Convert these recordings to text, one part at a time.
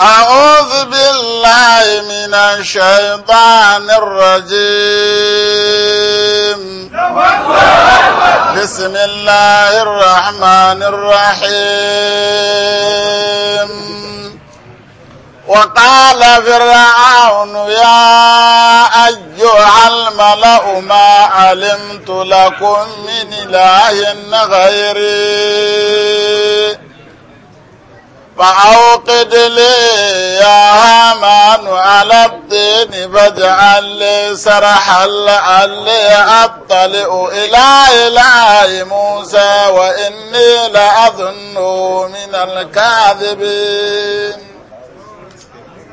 أعوذ بالله من الشيطان الرجيم بسم الله الرحمن الرحيم وقال فرعون يا أيها الملأ ما علمت لكم من إله غيري فأوقد لي يا هامان على الدين فاجعل لي سرحا لعلي أطلع إلى إله موسى وإني لأظنه من الكاذبين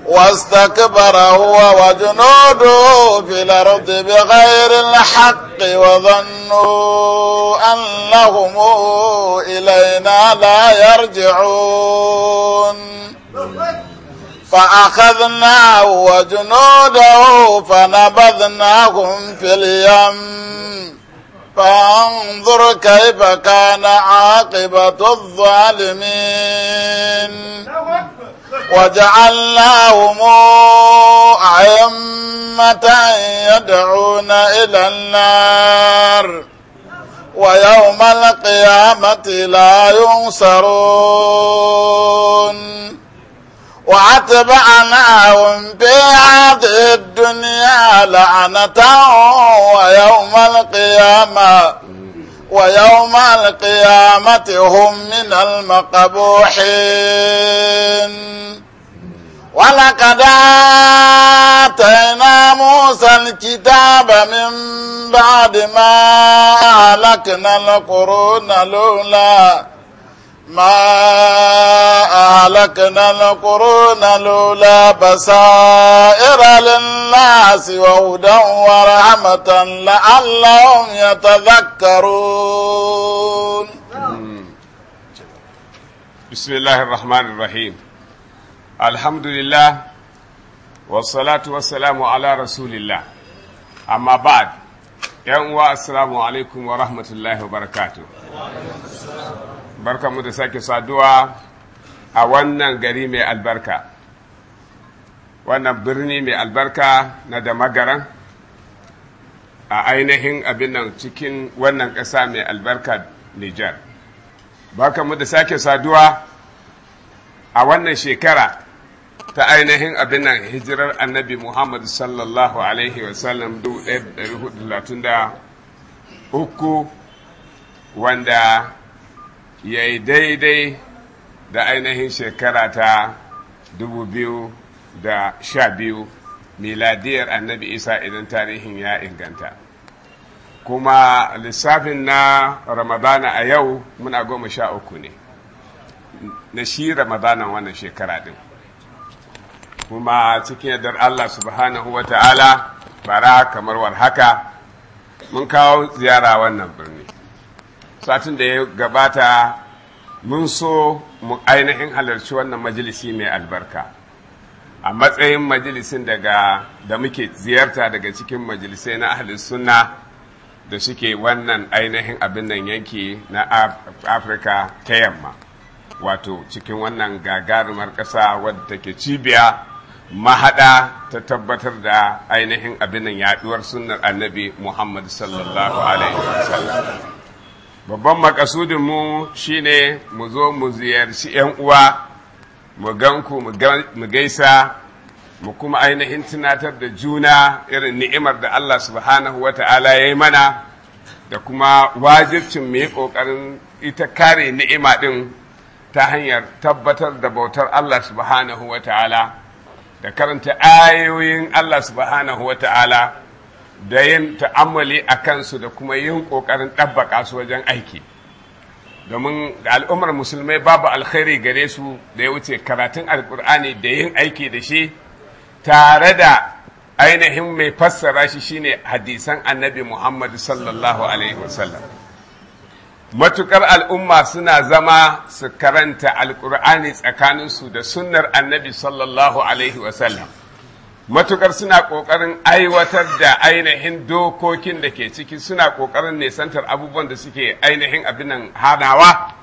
واستكبر هو وجنوده في الأرض بغير الحق وظنوا أنهم إلينا لا يرجعون فأخذناه وجنوده فنبذناهم في اليم فانظر كيف كان عاقبة الظالمين وجعلناهم أئمة يدعون إلى النار ويوم القيامة لا ينصرون وأتبعناهم في هذه الدنيا لعنة ويوم القيامة ويوم القيامة هم من المقبوحين ولقد آتينا موسى الكتاب من بعد ما أهلكنا القرون الأولى ما أهلكنا القرون لولا بصائر للناس وهدى ورحمة لعلهم يتذكرون بسم الله الرحمن الرحيم الحمد لله والصلاة والسلام على رسول الله أما بعد يوم السلام عليكم ورحمة الله وبركاته mu da sake saduwa a wannan gari mai albarka wannan birni mai albarka na da magara a ainihin abin nan cikin wannan ƙasa mai albarka Nijar. mu da sake saduwa a wannan shekara ta ainihin abin nan hijirar annabi Muhammad sallallahu Alaihi wasallam 1433 wanda ya yi daidai da ainihin shekara ta 2012 miladiyar annabi isa idan tarihin ya inganta kuma lissafin na ramadana a yau muna goma sha uku ne na shi ramadana wannan shekara din kuma cikin yadda allah subhanahu wa ta'ala bara kamar war haka mun kawo ziyara wannan birni satin da ya gabata mun so mu ainihin halarci wannan majalisi mai albarka a matsayin majalisin daga da muke ziyarta daga cikin majalisai na ahalin sunna da suke wannan ainihin abin nan yanki na afirka ta yamma wato cikin wannan gagarumar ƙasa wadda take cibiya mahaɗa ta tabbatar da ainihin abin nan yaɗuwar sunnar annabi muhammad sallallahu alaihi wasallam babban makasudinmu shi ne mu zo mu ziyarci ‘yan uwa mu ganku mu gaisa mu kuma ainihin tunatar da juna irin ni'imar da Allah subhanahu wa ta'ala ya yi mana da kuma wajibcin mu yi ƙoƙarin ita kare ni'ima ɗin ta hanyar tabbatar da bautar Allah subhanahu wa ta'ala da karanta ayoyin Allah subhanahu wa ta'ala da yin ta'ammali a kansu da kuma yin ƙoƙarin ɗabbaƙa su wajen aiki domin da al'ummar musulmai babu alkhairi gare su da ya wuce karatun alkur'ani da yin aiki da shi tare da ainihin mai fassara shi shine hadisan annabi muhammadu sallallahu alaihi wasallam matukar al'umma suna zama su karanta alkur'ani tsakaninsu da sunnar annabi sallallahu alaihi wasallam matukar suna ƙoƙarin aiwatar da ainihin dokokin da ke ciki suna ƙoƙarin nesantar abubuwan da suke ainihin abinan hanawa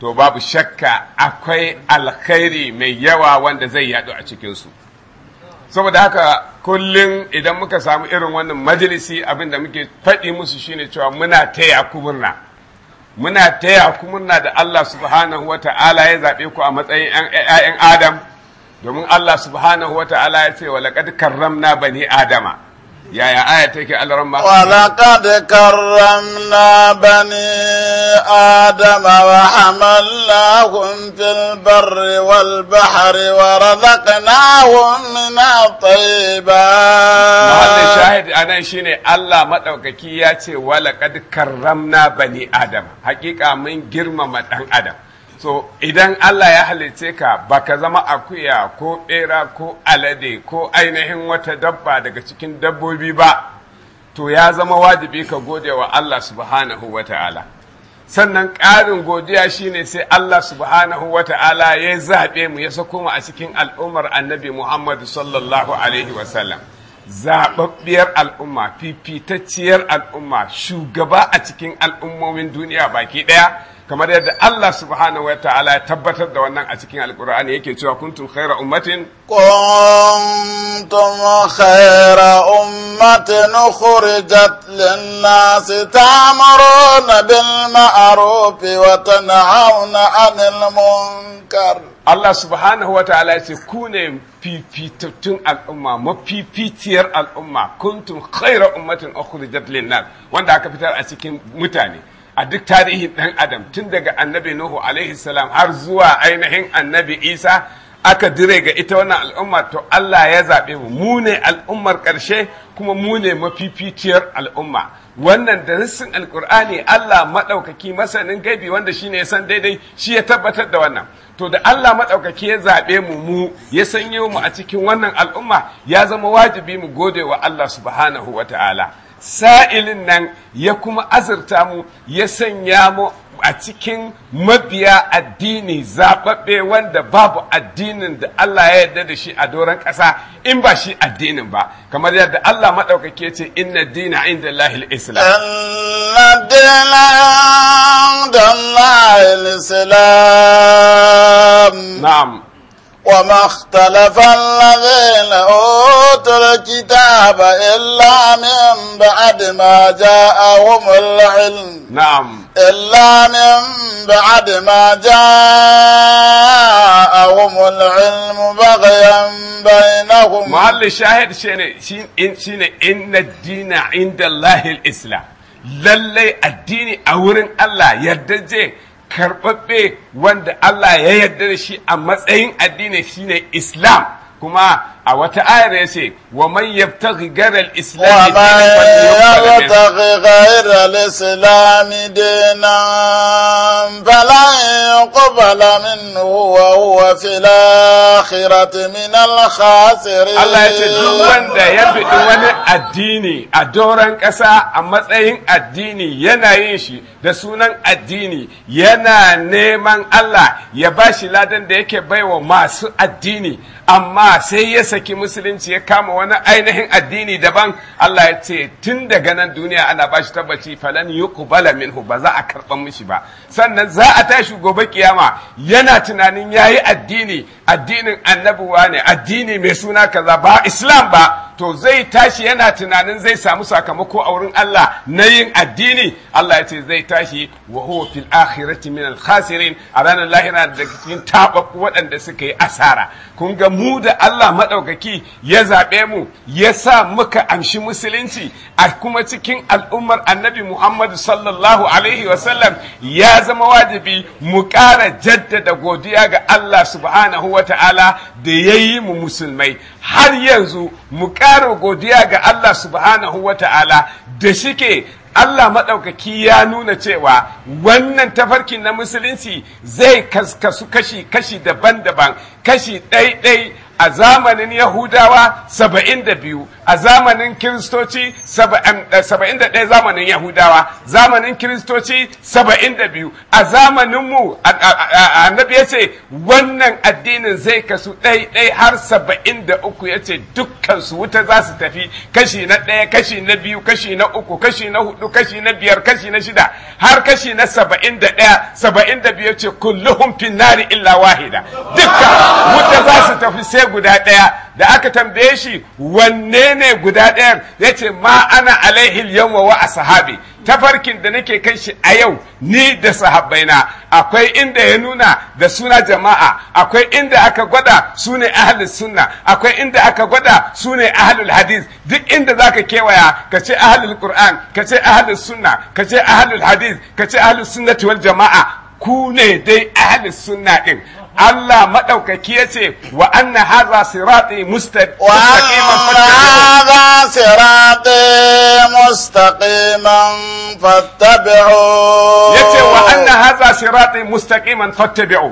to babu shakka akwai alkhairi mai yawa wanda zai yadu a cikinsu saboda haka kullum idan muka samu irin wannan majalisi abin da muke faɗi musu shine cewa muna taya ku murna muna taya ku murna da Allah subhanahu wa ta'ala ya zaɓe ku a matsayin 'ya'yan Adam domin Allah subhanahu ta'ala ya ce walaqad karramna bani adama yaya aya take Allah ramma walaqad karramna bani adama wa hamalnahum fil barri wal bahri wa razaqnahum min at-tayyibat mahallin shahid anan shine Allah madaukaki ya ce walaqad karramna bani adama hakika mun girmama dan adam so idan Allah ya halice ka ba ka zama akuya ko ɓera ko alade ko ainihin wata dabba daga cikin dabbobi ba to ya zama wajibi ka gode wa Allah subhanahu wa ta'ala sannan ƙarin godiya shine sai Allah subhanahu wa ta'ala ya zaɓe mu ya sako mu a cikin al'ummar annabi Muhammad sallallahu alaihi wasallam zaɓaɓɓiyar al'umma fifitacciyar al'umma shugaba a cikin al'ummomin duniya baki ɗaya kamar yadda Allah subhanahu wataala ya tabbatar da wannan a cikin alkur'ani yake cewa kuntum khaira ummatin kuntum khaira ummatin ukhrijat lin-nas ta'muruna bil ma'ruf wa tanhauna 'anil munkar Allah subhanahu ta'ala ya ce ku ne fifitattun al'umma mafificiyar al'umma kuntum khaira ummatin ukhrijat lin-nas wanda aka fitar a cikin mutane a duk tarihin ɗan adam tun daga annabi nuhu alaihi salam har zuwa ainihin annabi isa aka dire ga ita wannan al'umma to Allah ya zaɓe mu mu ne al'ummar ƙarshe kuma mu ne mafificiyar al'umma wannan da rissin alƙur'ani Allah maɗaukaki masanin gaibi wanda shi ne ya san daidai shi ya tabbatar da wannan to da Allah maɗaukaki ya zaɓe mu mu ya sanye mu a cikin wannan al'umma ya zama wajibi mu gode wa Allah subhanahu wa ta'ala sa'ilin nan ya kuma azurta mu ya sanya mu a cikin mabiya addini zaɓaɓɓe wanda babu addinin da Allah ya yarda da shi a doron ƙasa in ba shi addinin ba kamar yadda Allah maɗaukake ce inna dina inda lahil islam inna dina inda lahil وما اختلف الذين أوتوا الكتاب إلا من بعد ما جاءهم العلم نعم إلا من بعد ما جاءهم العلم بغيا بينهم محل الشاهد شين إن الدين عند الله الإسلام للي الدين أورن الله يدجي karɓaɓɓe wanda Allah ya yarda da shi a matsayin addini shine Islam kuma a wata ayar ya ce wa man yabtaghi ghayra al-islam dinan fala yuqbala minhu wa huwa fil akhirati min al-khasirin Allah ya ce duk wanda ya bi wani addini a doron ƙasa a matsayin addini yana yin shi da sunan addini yana neman Allah ya bashi ladan da yake baiwa masu addini amma sai ya saki musulunci ya kama wani ainihin addini daban Allah ya ce tun daga nan duniya ana bashi tabbaci falan yuqbala minhu ba za a karban mishi ba sannan za a tashi gobe kiyama yana tunanin yayi addini addinin annabuwa ne addini mai suna kaza ba islam ba to zai tashi yana tunanin zai samu sakamako a wurin Allah na yin addini Allah ya ce zai tashi wa huwa fil akhirati min al khasirin a ranar lahira da cikin tababbu waɗanda suka yi asara kun ga mu da Allah madaukaki ya zaɓe mu ya sa muka amshi musulunci a kuma cikin al'ummar annabi Muhammad sallallahu alaihi wa sallam ya zama wajibi mu ƙara jaddada godiya ga Allah subhanahu wa ta'ala da yayi mu musulmai har yanzu mu ƙara godiya ga Allah subhanahu wa ta'ala da ke Allah maɗaukaki ya nuna cewa wannan tafarki na musulunci zai kaskasu kashi-kashi daban-daban kashi ɗai-ɗai a zamanin Yahudawa saba'in da biyu a zamanin kiristoci 71 eh, zamanin yahudawa zamanin kiristoci 72 a zamaninmu annabi ya ce wannan addinin zai kasu ɗai har 73 ya ce dukkansu wuta za su tafi kashi na ɗaya kashi na biyu kashi na uku kashi na hudu kashi na biyar kashi na shida har kashi na 71 72 ya ce kulluhum finnari illa wahida dukkan wuta za su tafi sai guda ɗaya da aka tambaye shi wanne ne guda ɗayan ya ce ma ana alaihil yamma wa a sahabi tafarkin da nake kan shi a yau ni da sahabbaina akwai inda ya nuna da suna jama'a akwai inda aka gwada su ne ahalin sunna akwai inda aka gwada su ne ahalul hadis duk inda ka kewaya ka ce ahalul qur'an ka ce ahalul sunna ka ce ahalul hadis ka ce ahalul sunnati wal jama'a ku ne dai ahli sunna din Allah madaukaki yace wa anna hadha sirati mustaqiman hadha sirati mustaqiman fattabi'u yace wa anna hadha sirati mustaqiman fattabi'u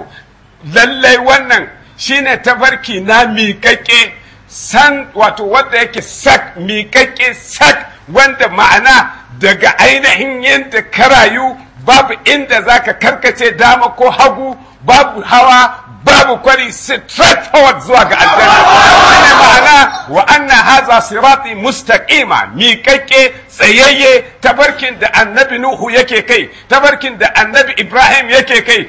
lallai wannan shine tafarki na miƙaƙe san wato wanda yake sak miƙaƙe sak wanda ma'ana daga ainihin yadda ka rayu babu inda za ka karkace dama ko hagu babu hawa babu kwari straight forward zuwa ga aljanna ne ma'ana wa anna haza sirati mustaqima miƙaƙƙe. tsayayye tabarkin da annabi Nuhu yake kai tabarkin da annabi Ibrahim yake kai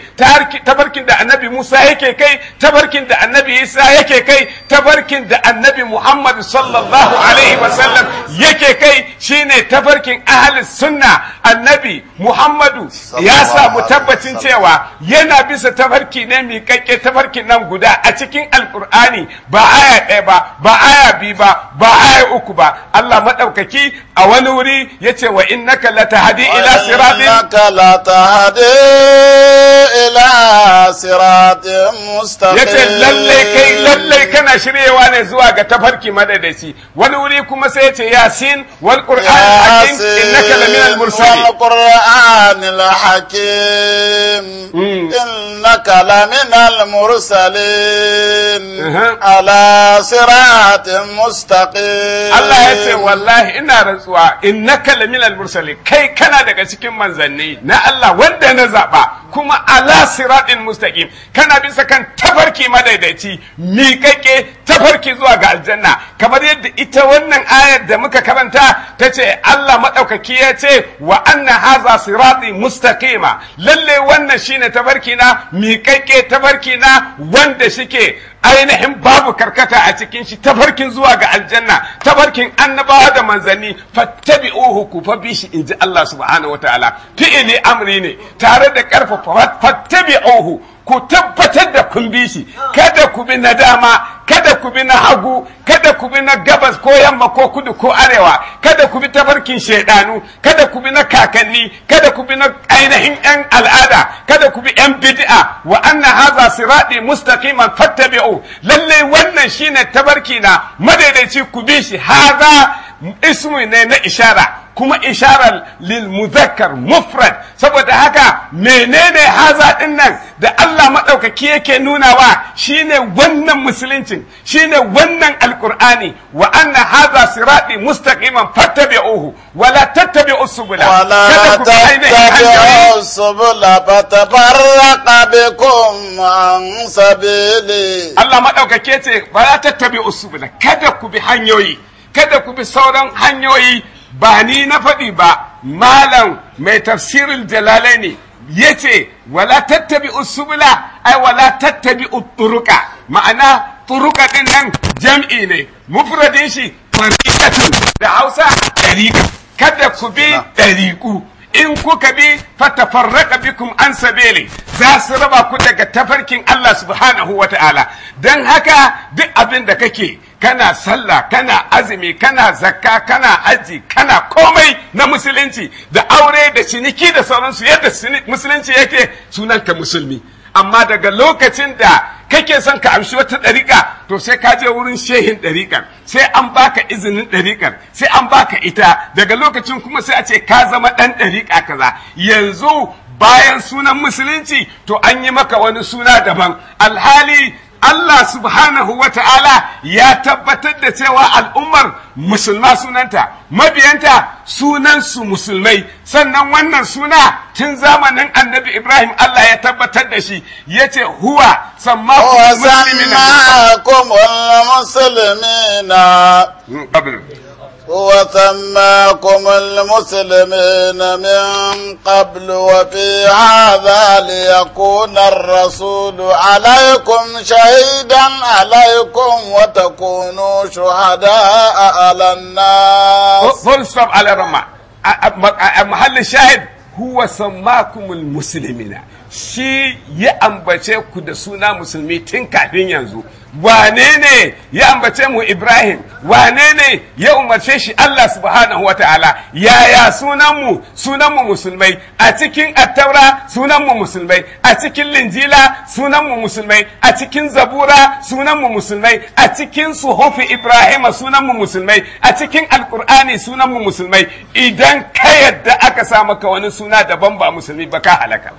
tabarkin da annabi Musa yake kai tabarkin da annabi Isa yake kai tabarkin da annabi Muhammad sallallahu alaihi wasallam yake kai shine tabarkin ahli sunna annabi Muhammadu ya samu tabbacin cewa yana bisa tabarki ne miƙaƙƙe tabarkin nan guda a cikin alkur'ani ba aya ɗaya ba ba aya biyu ba ba aya uku ba Allah maɗaukaki a wani wuri yace wa innaka ila siratin innaka ila siratin mustaqim yace lalle kai lalle kana shiryewa ne zuwa ga tafarki madadaci wani wuri kuma sai yace yasin wal qur'an hakim innaka laminal mursalin wal qur'anil hakim mm. innaka mursalin uh-huh. ala siratin mustaqim Allah ya ce wallahi ina rantsuwa innaka laminal mursalin kai kana daga cikin manzanni na Allah wanda na zaba kuma ala siratin mustaqim kana bisa kan tafarki madaidaici miƙaƙe tafarki zuwa ga aljanna kamar yadda ita wannan ayar da muka karanta ta ce Allah maɗaukaki ya ce wa anna haza sirati mustaqima lalle wannan shine tafarki na miƙaƙe tafarki na wanda shike ainihin babu karkata a cikin shi tafarkin zuwa ga aljanna tafarkin annabawa da manzanni fattabi'uhu ku fa shi inji Allah subhanahu wataala fi'ili amri ne tare da ƙarfafa. fattabi'uhu ku tabbatar da kun bi shi ah. kada ku bi na dama kada ku bi na hagu kada ku bi na gabas ko yamma ko kudu ko arewa kada ku bi tafarkin shaidanu kada ku bi na kakanni kada ku bi na ainihin yan al'ada kada ku bi yan bid'a wa anna hadha sirati mustaqiman fattabi'u lalle wannan shine tabarki na madaidaici ku bi shi hadha ismi ne na ishara kuma isharar lil muzakkar mufrad saboda haka menene haza din nan da Allah madaukaki yake wa shine wannan musuluncin shine wannan alkur'ani wa anna haza sirati mustaqiman fattabi'uhu wa la tattabi'u subula wa la tattabi'u subula fatafarraqa bikum an sabili Allah madaukaki yace wa la tattabi'u subula kada ku bi hanyoyi kada ku bi sauran hanyoyi ba ni na faɗi ba malam mai tafsirin jalalai ne ya ce wala tattabi usubula ai wala tattabi turuka ma'ana turuka din nan jam'i ne mufradin shi tariqatun da hausa tariqa kada ku bi ɗariƙu in kuka bi fatafarraka bikum an sabili za su raba ku daga tafarkin Allah subhanahu wata'ala don haka duk abin da kake kana sallah kana azumi kana zakka kana aji kana komai na musulunci da aure da ciniki da sauransu yadda musulunci yake sunan ka musulmi amma daga lokacin da kake son ka amshi wata ɗariƙa to sai ka je wurin shehin ɗariƙar sai an baka izinin ɗariƙar sai an baka ita daga lokacin kuma sai a ce ka zama ɗan ɗariƙa kaza yanzu bayan sunan musulunci to an yi maka wani suna daban alhali Allah subhanahu wa ta'ala ya tabbatar da cewa al'ummar musulma sunanta, mabiyanta sunansu musulmai, sannan wannan suna tun zamanin annabi Ibrahim Allah ya tabbatar da shi, ya ce, Huwa, samma kuma musulmi na. هو سماكم المسلمين من قبل وفي هذا ليكون الرسول عليكم شهيدا عليكم وتكونوا شهداء على الناس فول ستوب على الرمى محل الشاهد هو سماكم المسلمين shi ya ambace ku da suna musulmi tun kafin yanzu wane ne ya ambace mu ibrahim wane ne ya umarce shi allah subhanahu ta'ala? yaya sunanmu sunanmu musulmai a cikin attaura sunanmu musulmai a cikin linjila sunanmu musulmai a cikin zabura sunanmu musulmai a cikin suhufi ibrahima sunanmu musulmai a cikin alkur'ani sunanmu musulmai idan ka yadda aka sa maka wani suna daban ba musulmi ba ka halaka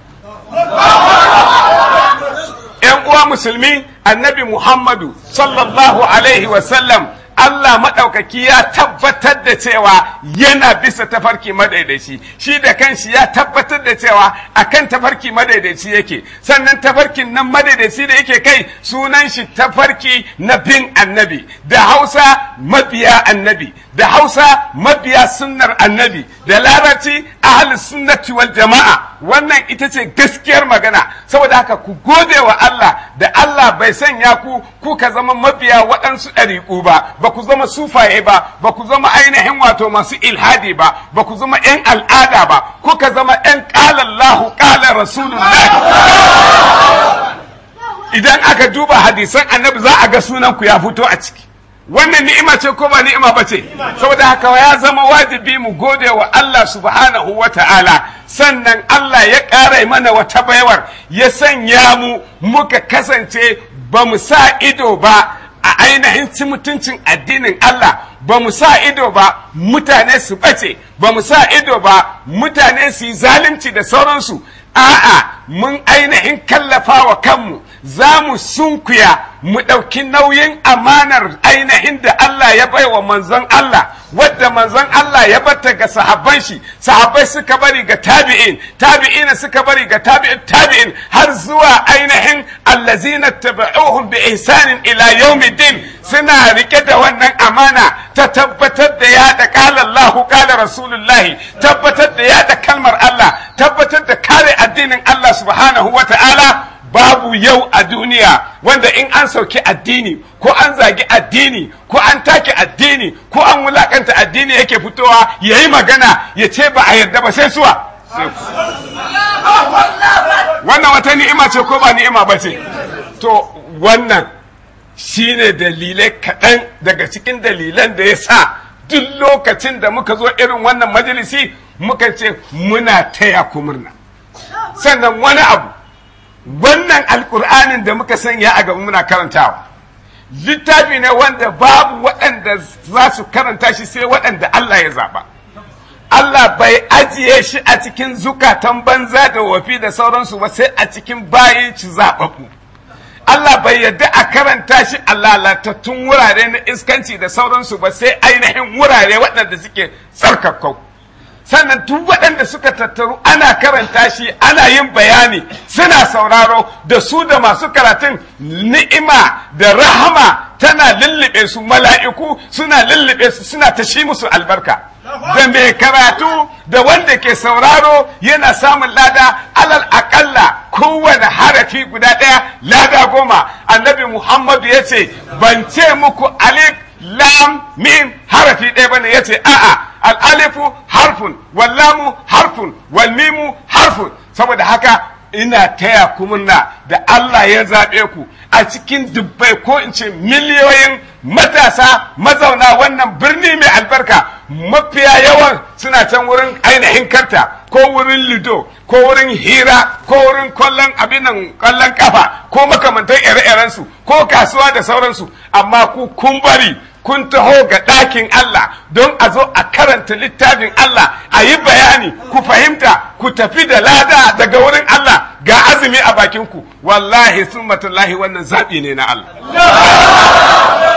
‘yan uwa musulmi annabi muhammadu sallallahu alaihi wasallam Allah maɗaukaki ya tabbatar da cewa yana bisa tafarki madaidaici shi da kanshi ya tabbatar da cewa akan tafarki madaidaici yake sannan tafarkin nan madaidaici da yake kai sunan shi tafarki na bin annabi da hausa mabiya annabi da hausa mabiya sunnar annabi da larabci ahli sunnati wal jama'a wannan ita ce gaskiyar magana saboda haka ku gode wa Allah da Allah bai sanya ku kuka zama mabiya waɗansu ɗariƙu ba ba ku zama sufaye ba ba ku zama ainihin wato masu ilhadi ba ba ku zama yan al'ada ba kuka zama yan ƙalallahu ƙalar rasulullah idan aka duba hadisan annabi za a ga sunan ku ya fito a ciki wannan ni'ima ce ko ba ni'ima ba ce saboda haka ya zama wajibi mu gode wa Allah subhanahu wa ta'ala sannan Allah ya ƙara mana wata baiwar ya sanya mu muka kasance ba mu sa ido ba ainihin ci mutuncin addinin Allah ba mu sa ido ba mutane su bace ba mu sa ido ba mutane su yi zalunci da sauransu a'a mun ainihin kallafa wa kanmu za mu sunkuya mu ɗauki nauyin amanar ainihin da Allah ya bai wa manzon Allah wadda manzon Allah ya bata ga sahabban shi sahabbai suka bari ga tabi'in tabi'ina suka bari ga tabi'in tabi'in har zuwa ainihin allazina tabi'uhum bi ihsanin ila yawmiddin suna rike da wannan amana ta tabbatar da ya da qala Allahu rasulullahi tabbatar da ya da kalmar Allah tabbatar da subhanahu wa ta'ala babu yau a duniya wanda in an sauki addini ko an zagi addini ko an take addini ko an wulakanta addini yake fitowa ya yi magana ya ce ba a yarda ba sai suwa wannan wata ni'ima ce ko ba ni'ima ba ce to wannan shine dalilai kaɗan daga cikin dalilan da ya sa duk lokacin da muka zo irin wannan majalisi muka ce muna taya ku murna sannan wani abu wannan alkur'anin da muka sanya a gaba muna karantawa littafi ne wanda babu waɗanda za su karanta shi sai waɗanda Allah ya zaɓa Allah bai ajiye shi a cikin zukatan banza da wafi da sauransu ba sai a cikin bayan ci zaɓaɓɓu Allah bai yadda a karanta shi a lalatattun wurare na iskanci da sauransu ba sai ainihin wurare waɗanda suke tsarkakau sannan duk waɗanda suka tattaru ana karanta shi ana yin bayani suna sauraro da su da masu karatun ni'ima da rahama tana lullube su mala'iku suna lullube su suna ta shi musu albarka da mai karatu da wanda ke sauraro yana samun lada alal akalla kowane harafi guda ɗaya lada goma annabi muhammadu ya ce ban ce muku alif lam min harafi ɗaya bane ya ce a'a al'alifu harfun wallamu harfun wallimu harfun saboda haka ina taya kumunna da Allah ya zaɓe ku a cikin dubbai ko in ce miliyoyin matasa mazauna wannan birni mai albarka mafiya yawan suna can wurin ainihin karta ko wurin lido ko wurin hira ko wurin kwallon abinan kwallon kafa ko makamantar ire-irensu ko kasuwa da sauransu amma ku kun bari kun taho ga ɗakin Allah don a zo a karanta littafin Allah a yi bayani ku fahimta ku tafi da lada daga wurin Allah ga azumi a bakinku wallahi summatullahi wannan zaɓi ne na Allah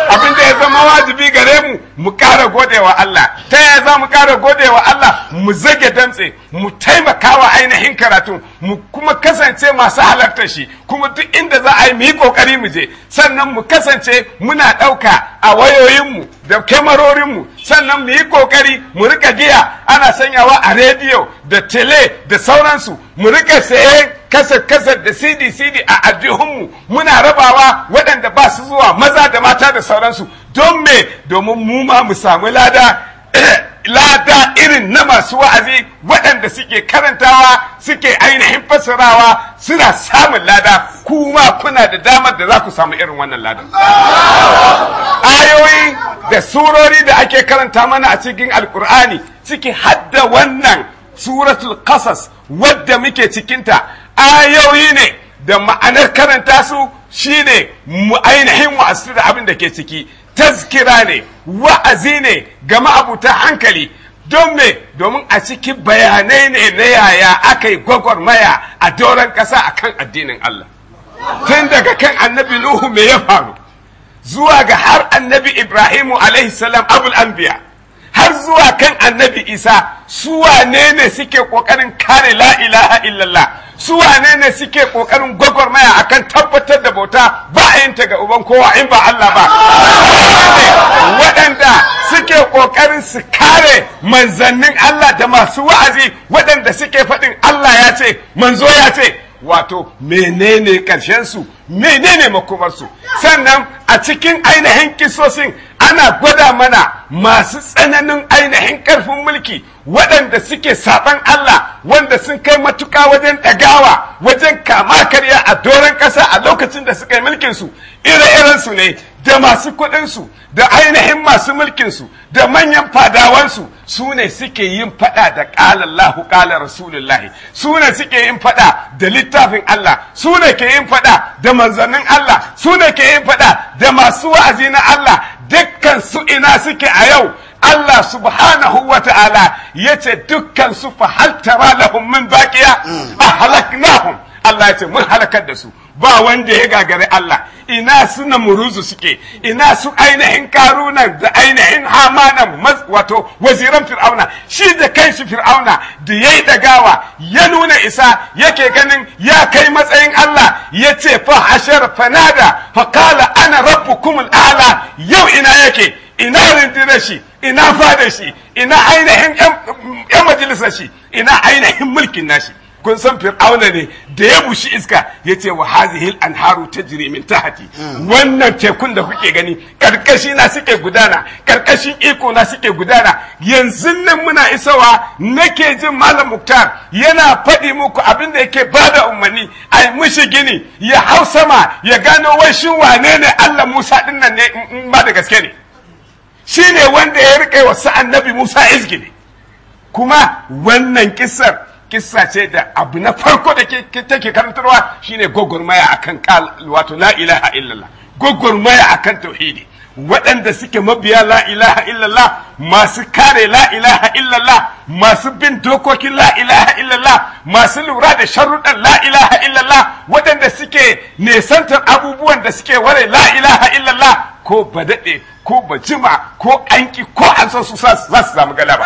abin da ya zama wajibi gare mu mu ƙara godewa Allah ta ya za mu ƙara godewa Allah mu zage damtse mu taimaka wa ainihin karatu mu kuma kasance masu halartar shi kuma duk inda za a yi mu yi ƙoƙari mu je sannan mu kasance muna ɗauka a wayoyinmu da kyamarorinmu sannan mu yi ƙoƙari mu rika giya ana sanyawa a rediyo da tele da sauransu mu rika saye kasar-kasar da cd-cd a aljihunmu muna rabawa waɗanda ba su zuwa maza da mata da sauransu don me domin mu ma mu samu lada lada irin na masu wa'azi waɗanda suke karantawa suke ainihin fassarawa suna samun lada kuma kuna da damar da za ku samu irin wannan lada ayoyi da surori da ake karanta mana a cikin alkur'ani suke hadda wannan suratul kasas wadda muke cikinta ayoyi ne da ma'anar karanta su shine mu ainihin wa'azi da abin da ke ciki tazkira ne wa'azi ne ga ma'abuta hankali don me domin a ciki bayanai ne na yaya aka yi gwagwarmaya a doron ƙasa a kan addinin Allah tun daga kan annabi Nuhu me ya faru zuwa ga har annabi Ibrahimu alaihi abul anbiya har zuwa kan annabi isa su ne ne suke kokarin kare la ilaha illallah su ne ne suke kokarin gwagwarmaya akan tabbatar da bauta ba a yin ta ga uban kowa in ba Allah ba waɗanda suke ƙoƙarin su kare manzannin Allah da masu wa'azi waɗanda suke faɗin Allah ya ce manzo ya ce wato menene ƙarshensu menene makomarsu sannan a cikin ainihin kisosin ana gwada mana masu tsananin ainihin ƙarfin mulki waɗanda suke saɓan Allah wanda sun kai matuƙa wajen ɗagawa wajen kama karya a doron ƙasa a lokacin da suka yi mulkinsu ire-irensu ne da masu kuɗinsu da ainihin masu mulkinsu da manyan fadawansu su ne suke yin faɗa da ƙalallahu ƙala rasulullahi su ne suke yin faɗa da littafin Allah su ne ke yin faɗa da manzannin Allah su ne ke yin faɗa da masu wa'azi na Allah dukkan su ina suke a yau Allah subhanahu wa ta'ala ya ce dukkan su fa hal tara baƙiya. Mm. a baqiya Allah ya ce mun halakar da su ba wanda ya gagari Allah ina suna muruzu suke ina su ainihin karuna da ainihin hamana wato waziran fir'auna shi da kanshi fir'auna da yayi da gawa ya nuna isa yake ganin ya kai matsayin Allah ya ce fa hashar fanada fa qala ana rabbukum al'ala yau ina yake ina rindinar shi ina fada shi ina ainihin yan majalisar shi ina ainihin mulkin nashi kun san fir'auna ne da ya bushi iska ya ce wa hazihil anharu ta min tahti wannan tekun da kuke gani karkashi na suke gudana karkashin iko na suke gudana yanzu nan muna isawa nake jin malam muktar yana faɗi muku abin da yake ba da umarni yi mushi gini ya hau sama ya gano wai shin wane ne Allah Musa ɗin nan ne ba da gaske ne shi ne wanda ya rike wa annabi Musa izgini kuma wannan kissar kisa ce da abu na farko da take karantarwa shine gwagwarmaya akan kal wato la ilaha illallah gwagwarmaya akan tauhidi waɗanda suke mabiya la ilaha illallah masu kare la ilaha illallah masu bin dokokin la ilaha illallah masu lura da sharuɗan la ilaha illallah waɗanda suke nesantar abubuwan da suke ware la ilaha illallah ko ba daɗe ko ba jima ko an ki ko an san su za su samu galaba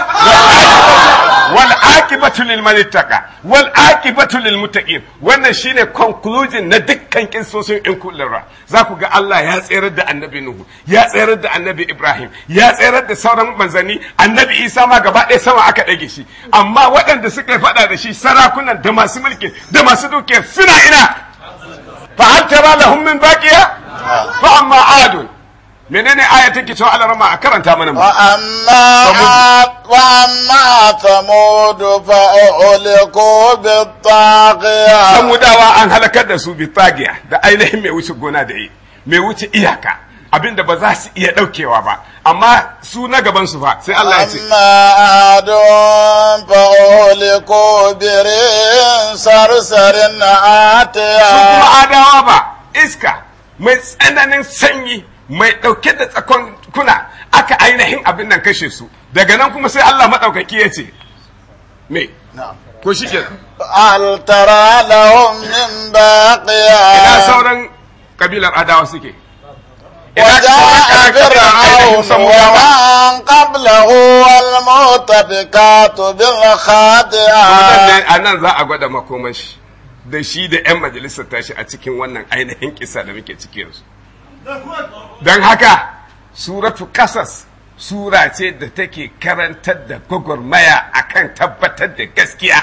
wal aqibatu lil manittaka wal aqibatu lil muttaqin wannan shine conclusion na dukkan kinsosin in kullura za ku ga Allah ya tsayar da annabi nuhu ya tsayar da annabi ibrahim ya tsayar da sauran Manzani, annabi isa ma gaba ɗaya sama aka ɗage shi amma waɗanda suka faɗa da shi sarakunan da masu mulki da masu dukiya suna ina fa hal tara lahum min baqiya fa amma adun menene aya take cewa Allah rama a karanta mana mu amma wa amma samud fa uliku bitaghiya samudawa an halakar da su bitaghiya da ainihin mai wuce gona da yi mai wuce iyaka abinda ba za su iya daukewa ba amma su na gaban su fa sai Allah ya ce amma adon fa uliku birin sarsarin atiya su kuma adawa ba iska mai tsananin sanyi mai ɗauke da tsakon kuna aka ainihin abin nan kashe su daga nan kuma sai Allah maɗaukaki ya ce me ko shi kenan altara lahum min baqiya ina sauran kabilar adawa suke وجاء فرعون ومن قبله والمؤتفكات da shi da 'yan majalisar tashi a cikin wannan ainihin kisa da muke yanzu. don haka suratu kasas sura ce da take karantar da gwagwarmaya akan tabbatar da gaskiya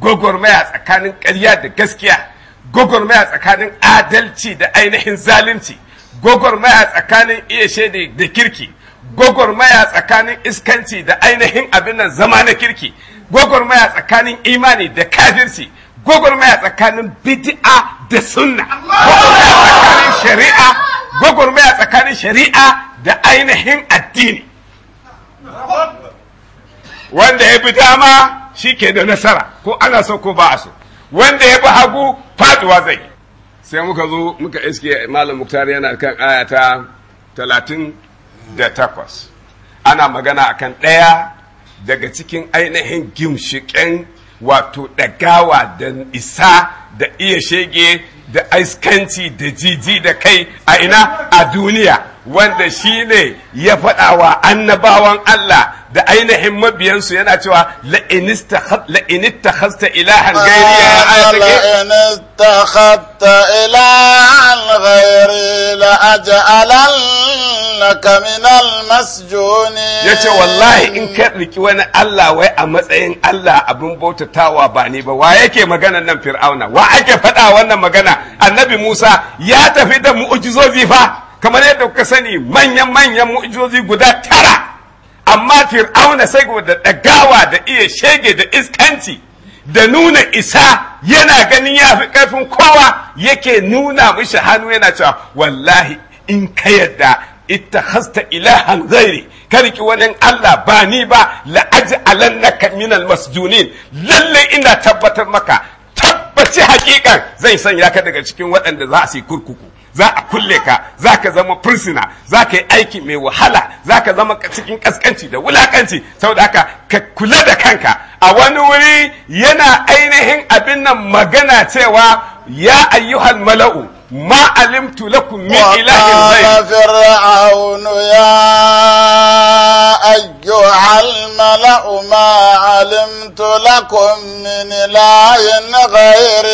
gwagwarmaya tsakanin ƙarya da gaskiya gwagwarmaya tsakanin adalci da ainihin zalunci gwagwarmaya tsakanin iya shaida da kirki gwagwarmaya tsakanin iskanci da ainihin abin nan zama na kirki gwagwarmaya tsakanin imani da kafirci gwagwarmaya tsakanin bid'a da sunna gwagwarmaya tsakanin shari'a gwagwarmaya tsakanin shari'a da ainihin addini wanda ya bi dama shi ke da nasara ko ana so ko ba a so wanda ya bi hagu faduwa zai sai muka zo muka iske malam muktar yana kan aya ta talatin da takwas ana magana akan ɗaya daga cikin ainihin gimshiƙen wato ɗagawa da isa da iya shege da aiskanci da jiji da kai a ina a duniya wanda shi ne ya faɗawa annabawan Allah da ainihin mabiyansu yana cewa la'inista hasta ilahan gairi ya ah, aya ya ce wallahi in ka riki wani Allah wai a matsayin Allah abin bautatawa ba ni ba wa yake magana nan fir'auna wa ake faɗa wannan magana annabi Musa ya tafi da mu'ujizozi fa kamar yadda kuka sani manyan manyan mu'ujizozi guda tara amma fir'auna saboda ɗagawa da iya shege da iskanci da nuna isa yana ganin ya fi karfin kowa yake nuna mishi hannu yana cewa wallahi in ka yadda ita hasta ilahan zairi karki wani Allah ba ni ba la'aji alannaka minal masjunin lallai ina tabbatar maka tabbaci hakikan zai sanya ka daga cikin waɗanda za su yi kurkuku za a kulle ka za ka zama fursuna za ka yi aiki mai wahala za ka zama cikin kaskanci da wulakanci saboda haka ka kula da kanka a wani wuri yana ainihin abin nan magana cewa ya ayyuhal mala'u ma alimtu lakum min ilahin ghayr fir'aun ya ayyuha al-mala'u ma alimtu lakum min ilahin ghayr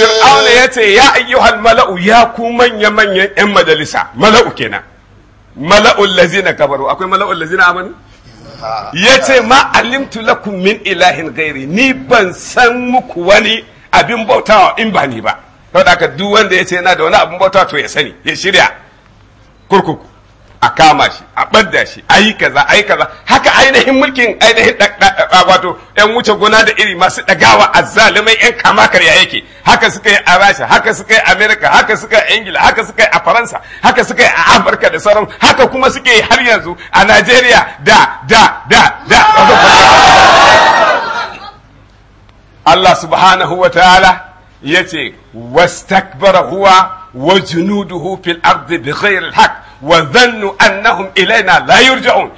fir'aun yace ya ayyuha al-mala'u ya ku manya manya yan majalisa mala'u kenan mala'ul ladzina kabaru akwai mala'ul ladzina amanu yace ma alimtu lakum min ilahin ghayr ni ban san muku wani abin bautawa in bani ba saboda haka duk wanda ya ce yana da wani abin bauta to ya sani ya shirya kurkuku a kama shi a ɓadda shi a yi kaza a yi kaza haka ainihin mulkin ainihin wato yan wuce gona da iri masu ɗagawa a zalimai yan kama karya yake haka suka yi a rasha haka suka yi a amerika haka suka yi a ingila haka suka yi a faransa haka suka yi a afirka da sauran haka kuma suke yi har yanzu a najeriya da da da da Allah subhanahu wa ta'ala يتي واستكبر هو وجنوده في الأرض بغير الحق وظنوا أنهم إلينا لا يرجعون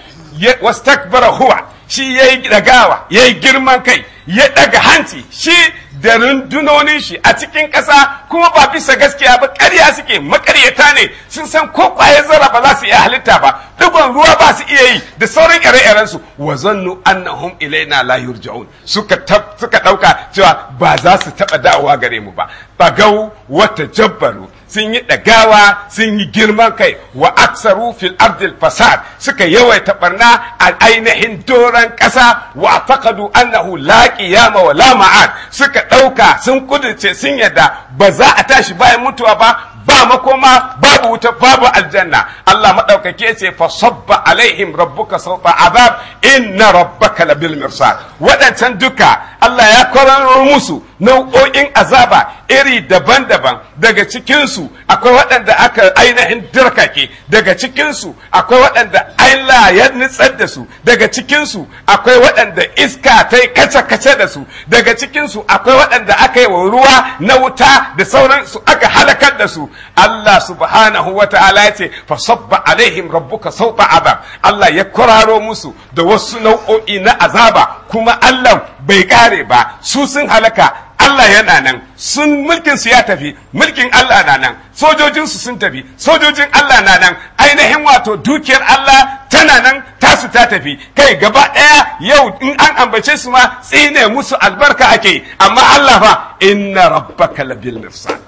واستكبر هو shi ya yi yayi ya yi girman kai ya ɗaga hanci shi da rundunonin shi a cikin ƙasa kuma ba bisa gaskiya ba ƙarya suke maƙaryata ne sun san ko ƙwayar zara ba za su iya halitta ba ɗigon ruwa ba su iya yi da sauran ire-iren su wa zannu annahum ilaina la yurja'un suka suka ɗauka cewa ba za su taɓa dawowa gare mu ba bagau wata jabbaru sun yi ɗagawa sun yi girman kai wa aksaru fil ardil fasad suka yawaita barna a ainihin doron ƙasa wa faqadu annahu la qiyama wa la ma'ad suka ɗauka sun kuduce sun yadda ba za a tashi bayan mutuwa ba ba makoma babu wuta babu aljanna Allah madaukake ce fa sabba alaihim rabbuka sawta azab inna rabbaka labil mirsad wadancan duka Allah ya kwararo musu nau'o'in azaba iri daban-daban daga cikinsu akwai waɗanda aka ainihin dirkake daga cikinsu akwai waɗanda aila ya nitsar da su daga cikinsu akwai waɗanda iska ta yi kace-kace da su daga cikinsu akwai waɗanda aka yi wa ruwa na wuta da sauransu aka halakar da su Allah subhanahu wa ta'ala ya ce fa sabba alaihim rabbuka sauta azab Allah ya kwararo musu da wasu nau'o'i na azaba kuma Allah bai kare ba su sun halaka Allah yana nan sun mulkin su ya tafi mulkin Allah na nan sojojin su sun tafi sojojin Allah na nan ainihin wato dukiyar Allah tana nan tasu ta tafi kai gaba ɗaya yau in an ambace su ma tsine musu albarka ake amma Allah fa inna rabbaka labil mirsal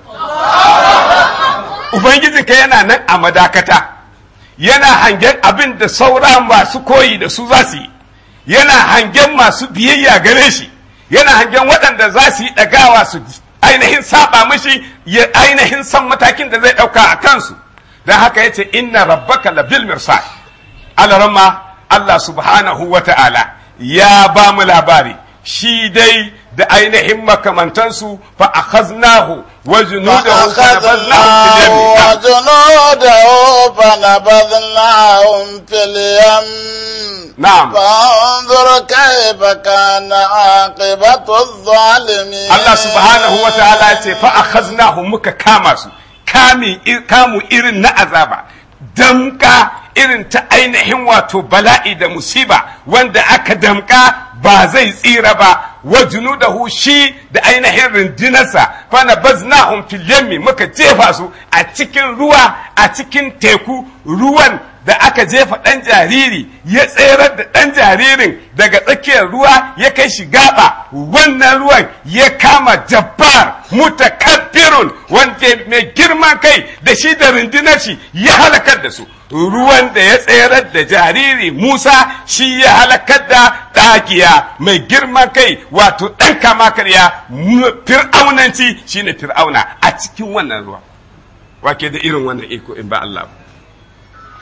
ubangiji ka yana nan a madakata yana hangen abin da saura masu koyi da su za su yi yana hangen masu biyayya gare shi yana hangen waɗanda za su yi ɗagawa su ainihin saba mishi ya ainihin san matakin da zai ɗauka a kansu don haka ya ce inna rabbaka labil mirsad alarama Allah subhanahu wa ta'ala ya ba mu labari shi dai da ainihin makamantansu fa a wa Allah subhanahu wa ta'ala ya ce fa akhadnahum muka kama su kami kamu irin na azaba damka irin ta ainihin wato bala'i da musiba wanda aka damka ba zai tsira ba wa junudahu shi da ainihin rundunarsa fa na baznahum fil muka jefa su a cikin ruwa a cikin teku ruwan da aka jefa ɗan jariri ya tserar da ɗan jaririn daga tsakiyar ruwa ya kai shi gaba wannan ruwan ya kama jabbar mutakabbirun wanda mai girman kai da shi da rundunar shi ya halakar da su ruwan da ya tserar da jariri Musa shi ya halakar da ɗakiya mai girman kai wato ɗan kama karya fir'aunanci shine fir'auna a cikin wannan ruwa wake da irin wannan iko in ba Allah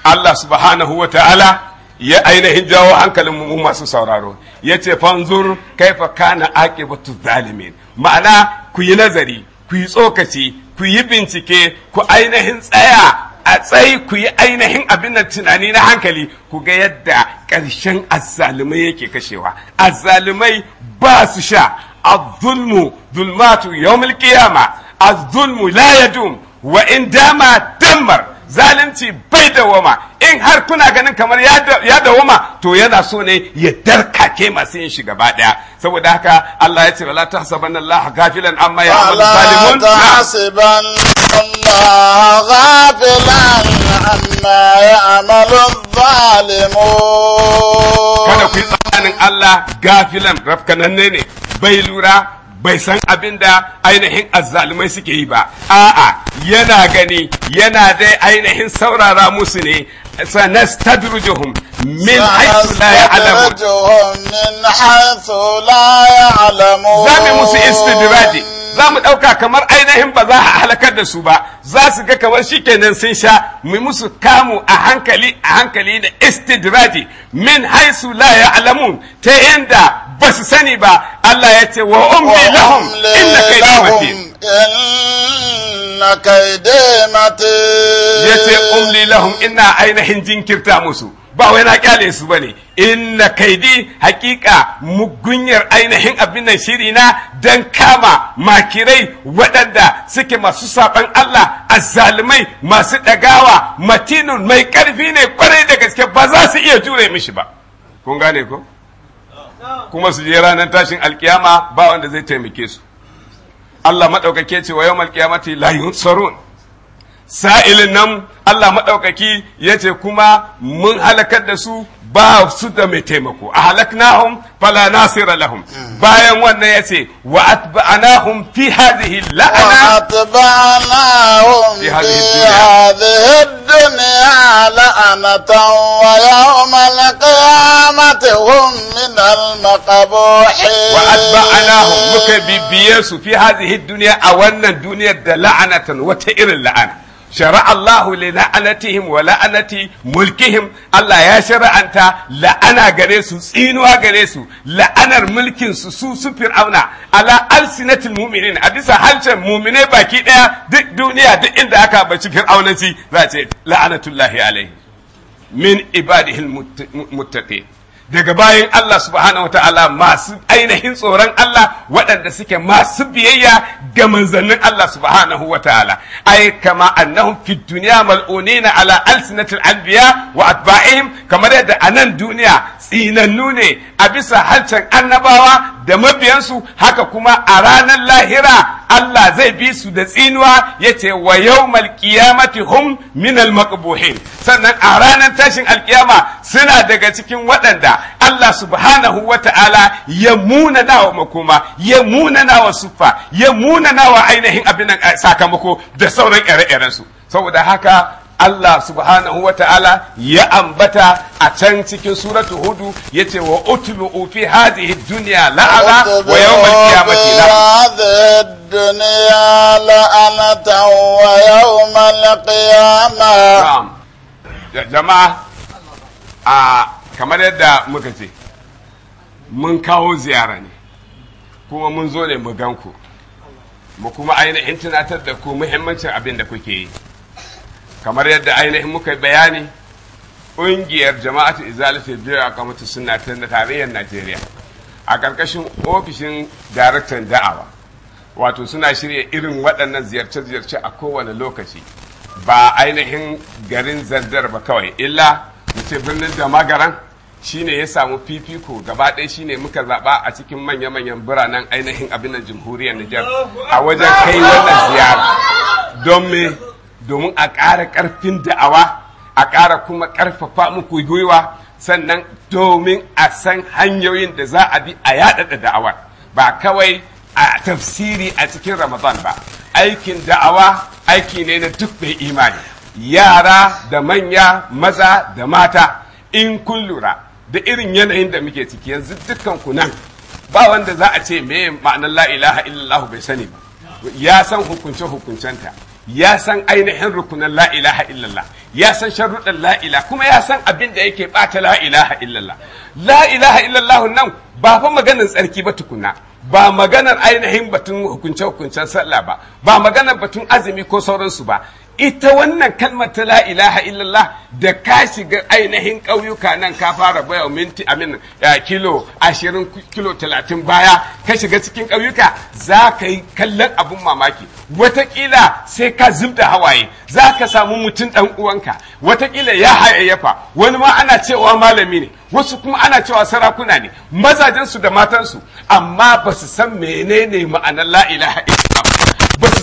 Allah subhanahu wa ta'ala ya ainihin jawo hankalin mu masu sauraro ya ce fanzur kaifa kana aqibatu zalimin ma'ana ku yi nazari ku yi tsokaci ku yi bincike ku ainihin tsaya a tsayi ku yi ainihin abin nan tunani na hankali ku ga yadda ƙarshen azzalumai yake kashewa azzalumai ba su sha azzulmu zulmatu yawmul qiyama azzulmu la yadum wa in dama dammar zalunci bai dawama in har kuna ganin kamar ya dawama to yana so ne ya darkake masu yin shi gaba daya saboda haka Allah ya ce wala tahsabanna Allah ghafilan amma ya zalimun tahsaban Allah ghafilan amma ya amalu zalimun kada ku yi tsakanin Allah gafilan rafkananne ne bai lura bai san abin da ainihin azzalumai suke yi ba a'a yana gani yana dai ainihin saurara musu ne سنستدرجهم من حيث لا يعلمون من حيث لا يعلمون زامي موسى استدراجي za mu ɗauka kamar ainihin ba za a halakar da su ba za su ga kamar shi kenan sun sha mu musu kamu a hankali a hankali da istidraji min haisu la ya'lamun ta yanda ba su sani ba Allah ya ce wa ummi lahum inna kai matin inna yace umli lahum ina ainihin jinkirta musu ba wai na kyale su bane inna kaidi hakika mugunyar ainihin abin nan shiri na dan kama makirai waɗanda suke masu saɓan Allah azzalumai masu ɗagawa matinun mai ƙarfi ne kwarai da gaske ba za su iya jure mishi ba kun gane ko kuma su je ranar tashin alkiyama ba wanda zai taimake su Allah maɗaukake ce wa yau malƙiyamati layin yunsarun sa'ilin nan Allah maɗaukaki ya ce kuma mun halakar da su ba su da mai taimako a halaknahum fala nasira lahum bayan wannan ya ce wa atba'anahum fi hadhihi la'ana wa atba'anahum fi hadhihi dunya la'anatan wa yawm al-qiyamati hum min al-maqbuhin wa atba'anahum muka bibiye su fi hadhihi dunya a wannan duniyar da la'anatan wata irin la'ana shara Allahu li la'anatihim wa la'anati mulkihim Allah ya shara'anta la'ana gare su tsinuwa gare su la'anar mulkin su su su fir'auna ala alsinatil mu'minin a bisa halcin mu'mine baki daya duk duniya duk inda aka baci fir'aunaci za ce la'anatullahi alaihi min ibadihil muttaqin daga bayan Allah subhanahu ta'ala masu ainihin tsoron Allah waɗanda suke masu biyayya ga manzannin Allah subhanahu wata'ala ai kama annahum fi dunya mal'unina ala alsinatil anbiya wa atba'ihim kamar yadda a nan duniya tsinannu ne a bisa halcin annabawa da mabiyansu haka kuma a ranar lahira Allah zai bi su da tsinuwa ce wa yawmal qiyamati hum min al sannan a ranar tashin alkiyama suna daga cikin waɗanda Allah subhanahu wata'ala ya munana makoma ya munana siffa, suffa ya munana ainihin abin eh, sakamako da sauran ire-irensu saboda haka Allah subhanahu wa ta'ala ya ambata a can cikin suratu hudu ya ce wa utlu fi hadhihi duniya la'ala wa yau duniya qiyamati la'ana الدنيا yau ويوم القيامة Jama'a, a kamar yadda muka ce mun kawo ziyara ne kuma mun zo ne mu ganku mu kuma ainihin tunatar da ku muhimmancin abin da kuke yi kamar yadda ainihin muka bayani ƙungiyar jama'atu izalatu biyu a kamata suna ta tarayyar najeriya a ƙarƙashin ofishin daraktan da'awa wato suna shirya irin waɗannan ziyarce-ziyarce a kowane lokaci ba ainihin garin zardar ba kawai illa mu ce birnin da magaran ne ya samu fifiko gaba ɗaya shi ne muka zaɓa a cikin manya-manyan biranen ainihin abin jamhuriyar Nijar a wajen kai wannan ziyara don me domin a ƙara ƙarfin da'awa a ƙara kuma ƙarfafa muku gwiwa sannan domin a san hanyoyin da za a bi a yaɗaɗa da'awa ba kawai a tafsiri a cikin ramadan ba aikin da'awa aiki ne na duk mai imani yara da manya maza da mata in kun lura da irin yanayin da muke ciki yanzu dukkan ku nan ba wanda za a ce me ma'anar la'ilaha ilaha illallah bai sani ba ya san hukunce hukuncenta ya san ainihin rukunan la ilaha illallah ya san sharuɗan la ilaha kuma ya san abin da yake ɓata la ilaha illallah la ilaha illallah nan ba fa maganar tsarki ba tukuna ba maganar ainihin batun hukunce hukuncen sallah ba ba maganar batun azumi ko sauransu ba ita wannan kalmar ta la ilaha illallah da ka shiga ainihin ƙauyuka nan ka fara baya minti amin uh, kilo ashirin kilo talatin baya ka shiga cikin ƙauyuka za ka yi kallon abin mamaki watakila sai ka zub hawaye za ka samu mutum ɗan uwanka watakila ya hayayyafa wani ma ana cewa malami ne wasu kuma ana cewa sarakuna ne mazajensu da matansu amma ba su san menene ma'anar la ilaha illallah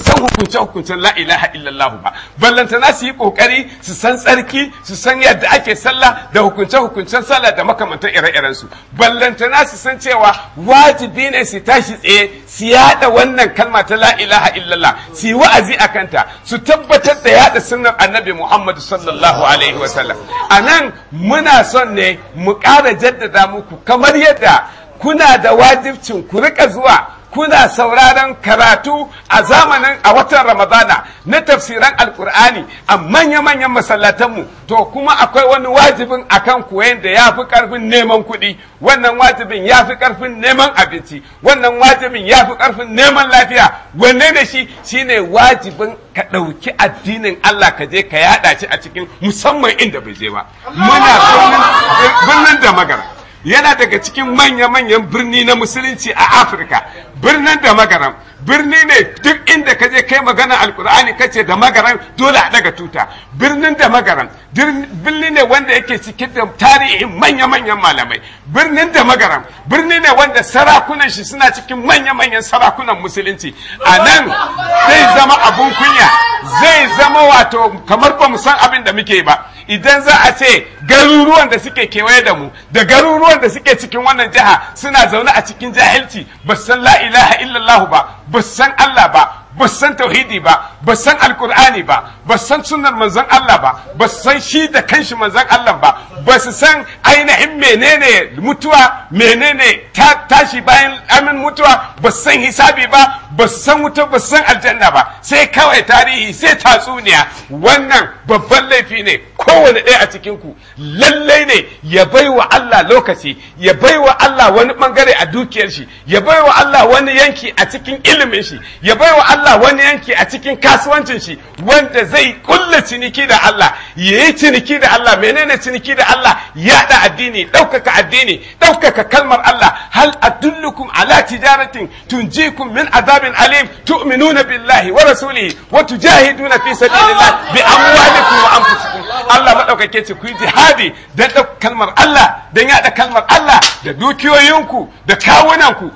dukkan hukunce-hukuncen la ilaha illallah ba ballantana su yi kokari su san tsarki su san yadda ake sallah da hukunce-hukuncen sallah da makamantar ire-iren su ballantana su san cewa wajibi ne su tashi tsaye su yada wannan kalma ta la ilaha illallah su yi wa'azi a kanta su tabbatar da yada sunnar annabi muhammad sallallahu alaihi wa sallam nan muna son ne mu ƙara jaddada muku kamar yadda kuna da wajibcin ku rika zuwa kuna sauraron karatu a zamanin a watan ramadana na tafsiran alkur'ani a manya-manyan masallatanmu to kuma akwai wani wajibin a kan koyon da ya fi karfin neman kuɗi wannan wajibin ya fi karfin neman abinci wannan wajibin ya fi karfin neman lafiya wanne da shi shine wajibin ka ɗauki addinin Allah ka je ka yaɗa shi a cikin musamman inda bai je ba muna birnin da magana yana daga cikin manya-manyan birni na musulunci a afirka birnin da magaram birni ne duk inda ka je kai magana alkur'ani kace da magaran dole a daga tuta birnin da magaran birni ne wanda yake cikin da tarihin manya-manyan malamai birnin da magaran birni ne wanda sarakunan shi suna cikin manya-manyan sarakunan musulunci a nan zai zama abun kunya zai zama wato kamar ba mu san abin da muke ba idan za a ce garuruwan da suke kewaye da mu da garuruwan da suke cikin wannan jiha suna zaune a cikin jahilci ba san la ilaha illallah ba ba san Allah ba ba san tauhidi ba ba san alkur'ani ba ba san sunan manzon Allah ba ba san shi da kanshi manzon Allah ba ba su san ainihin menene mutuwa menene tashi bayan amin mutuwa ba su san hisabi ba ba su san wuta ba su san aljanna ba sai kawai tarihi sai tatsuniya wannan babban laifi ne kowane ɗaya a cikinku lallai ne ya bai wa Allah lokaci ya bai wa Allah wani bangare a dukiyar shi ya bai wa Allah wani yanki a cikin ilimin shi ya bai wa Allah wani yanki a cikin kasuwancin shi wanda zai kulla ciniki da Allah ya yi ciniki da Allah menene ciniki da Allah yada addini ɗaukaka addini ɗaukaka kalmar Allah hal adullukum ala tijaratin tunjikum min azabin alim tu'minuna billahi wa rasulihi wa tujahiduna fi sabilillah bi amwalikum wa anfusikum Allah madaukake ce ku jihadi dan ɗaukaka kalmar Allah dan yada kalmar Allah da dukiyoyinku da kawunanku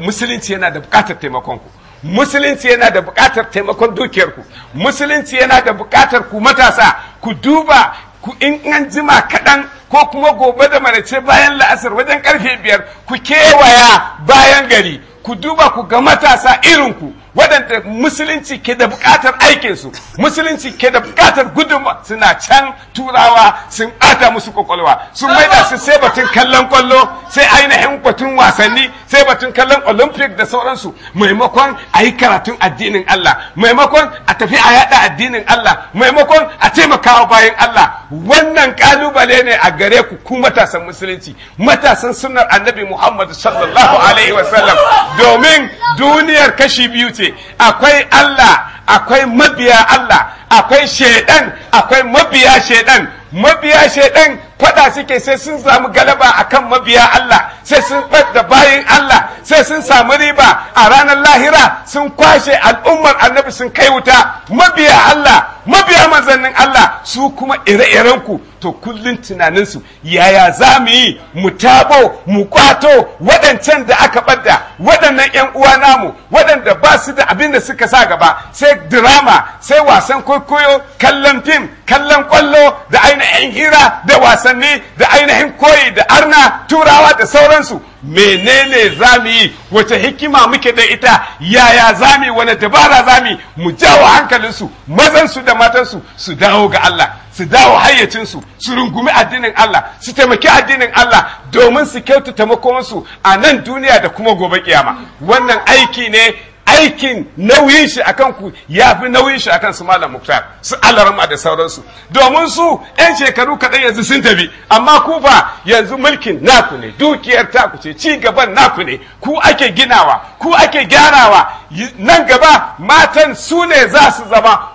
musulunci yana da bukatar taimakonku musulunci yana da bukatar taimakon dukiyarku musulunci yana da bukatar ku matasa ku duba ku in an jima kaɗan ko kuma gobe da marace bayan la'asar wajen karfe biyar ku kewaya bayan gari ku duba ku ga matasa irinku waɗanda musulunci ke da buƙatar aikinsu musulunci ke da buƙatar gudunma suna can turawa sun ɓata musu kwakwalwa sun maida su sai batun kallon kwallo sai ainihin batun wasanni sai batun kallon olympic da sauransu maimakon a yi karatun addinin allah maimakon a tafi a yaɗa addinin allah maimakon a taimakawa bayan allah wannan ƙalubale ne a gare ku ku matasan musulunci matasan sunnar annabi muhammad sallallahu alaihi wasallam domin duniyar kashi biyu ce akwai Allah akwai mabiya Allah akwai shedan akwai mabiya shedan mabiya shedan fada suke sai sun samu galaba a kan mabiya Allah sai sun da bayin Allah sai sun samu riba a ranar lahira sun kwashe al'ummar annabi sun kai wuta mabiya Allah mabiya manzannin Allah su kuma ire-irenku to kullum tunaninsu yaya za mu yi mu tabo mu kwato waɗancan da aka ɓadda waɗannan 'yan uwa namu waɗanda ba su da abin da suka sa gaba sai drama sai wasan kwaikwayo kallon fim kallon kwallo da ainihin hira da wasanni da ainihin koyi da arna turawa da sauransu menene zami wace hikima muke da ita yaya zami wani dabara zami mu jawo hankalinsu mazansu da matansu su dawo ga Allah su dawo hayyacinsu su rungumi addinin Allah su taimaki addinin Allah domin su kyautata makomansu a nan duniya da kuma gobe kiyama wannan aiki ne aikin nauyin shi a ku ya fi nauyin shi a kan su malam muktar su alarma da sauransu domin su yan shekaru kaɗan yanzu sun tafi amma ku ba yanzu mulkin naku ne dukiyar taku ce ci gaban naku ne ku ake ginawa ku ake gyarawa nan gaba matan su ne za su zama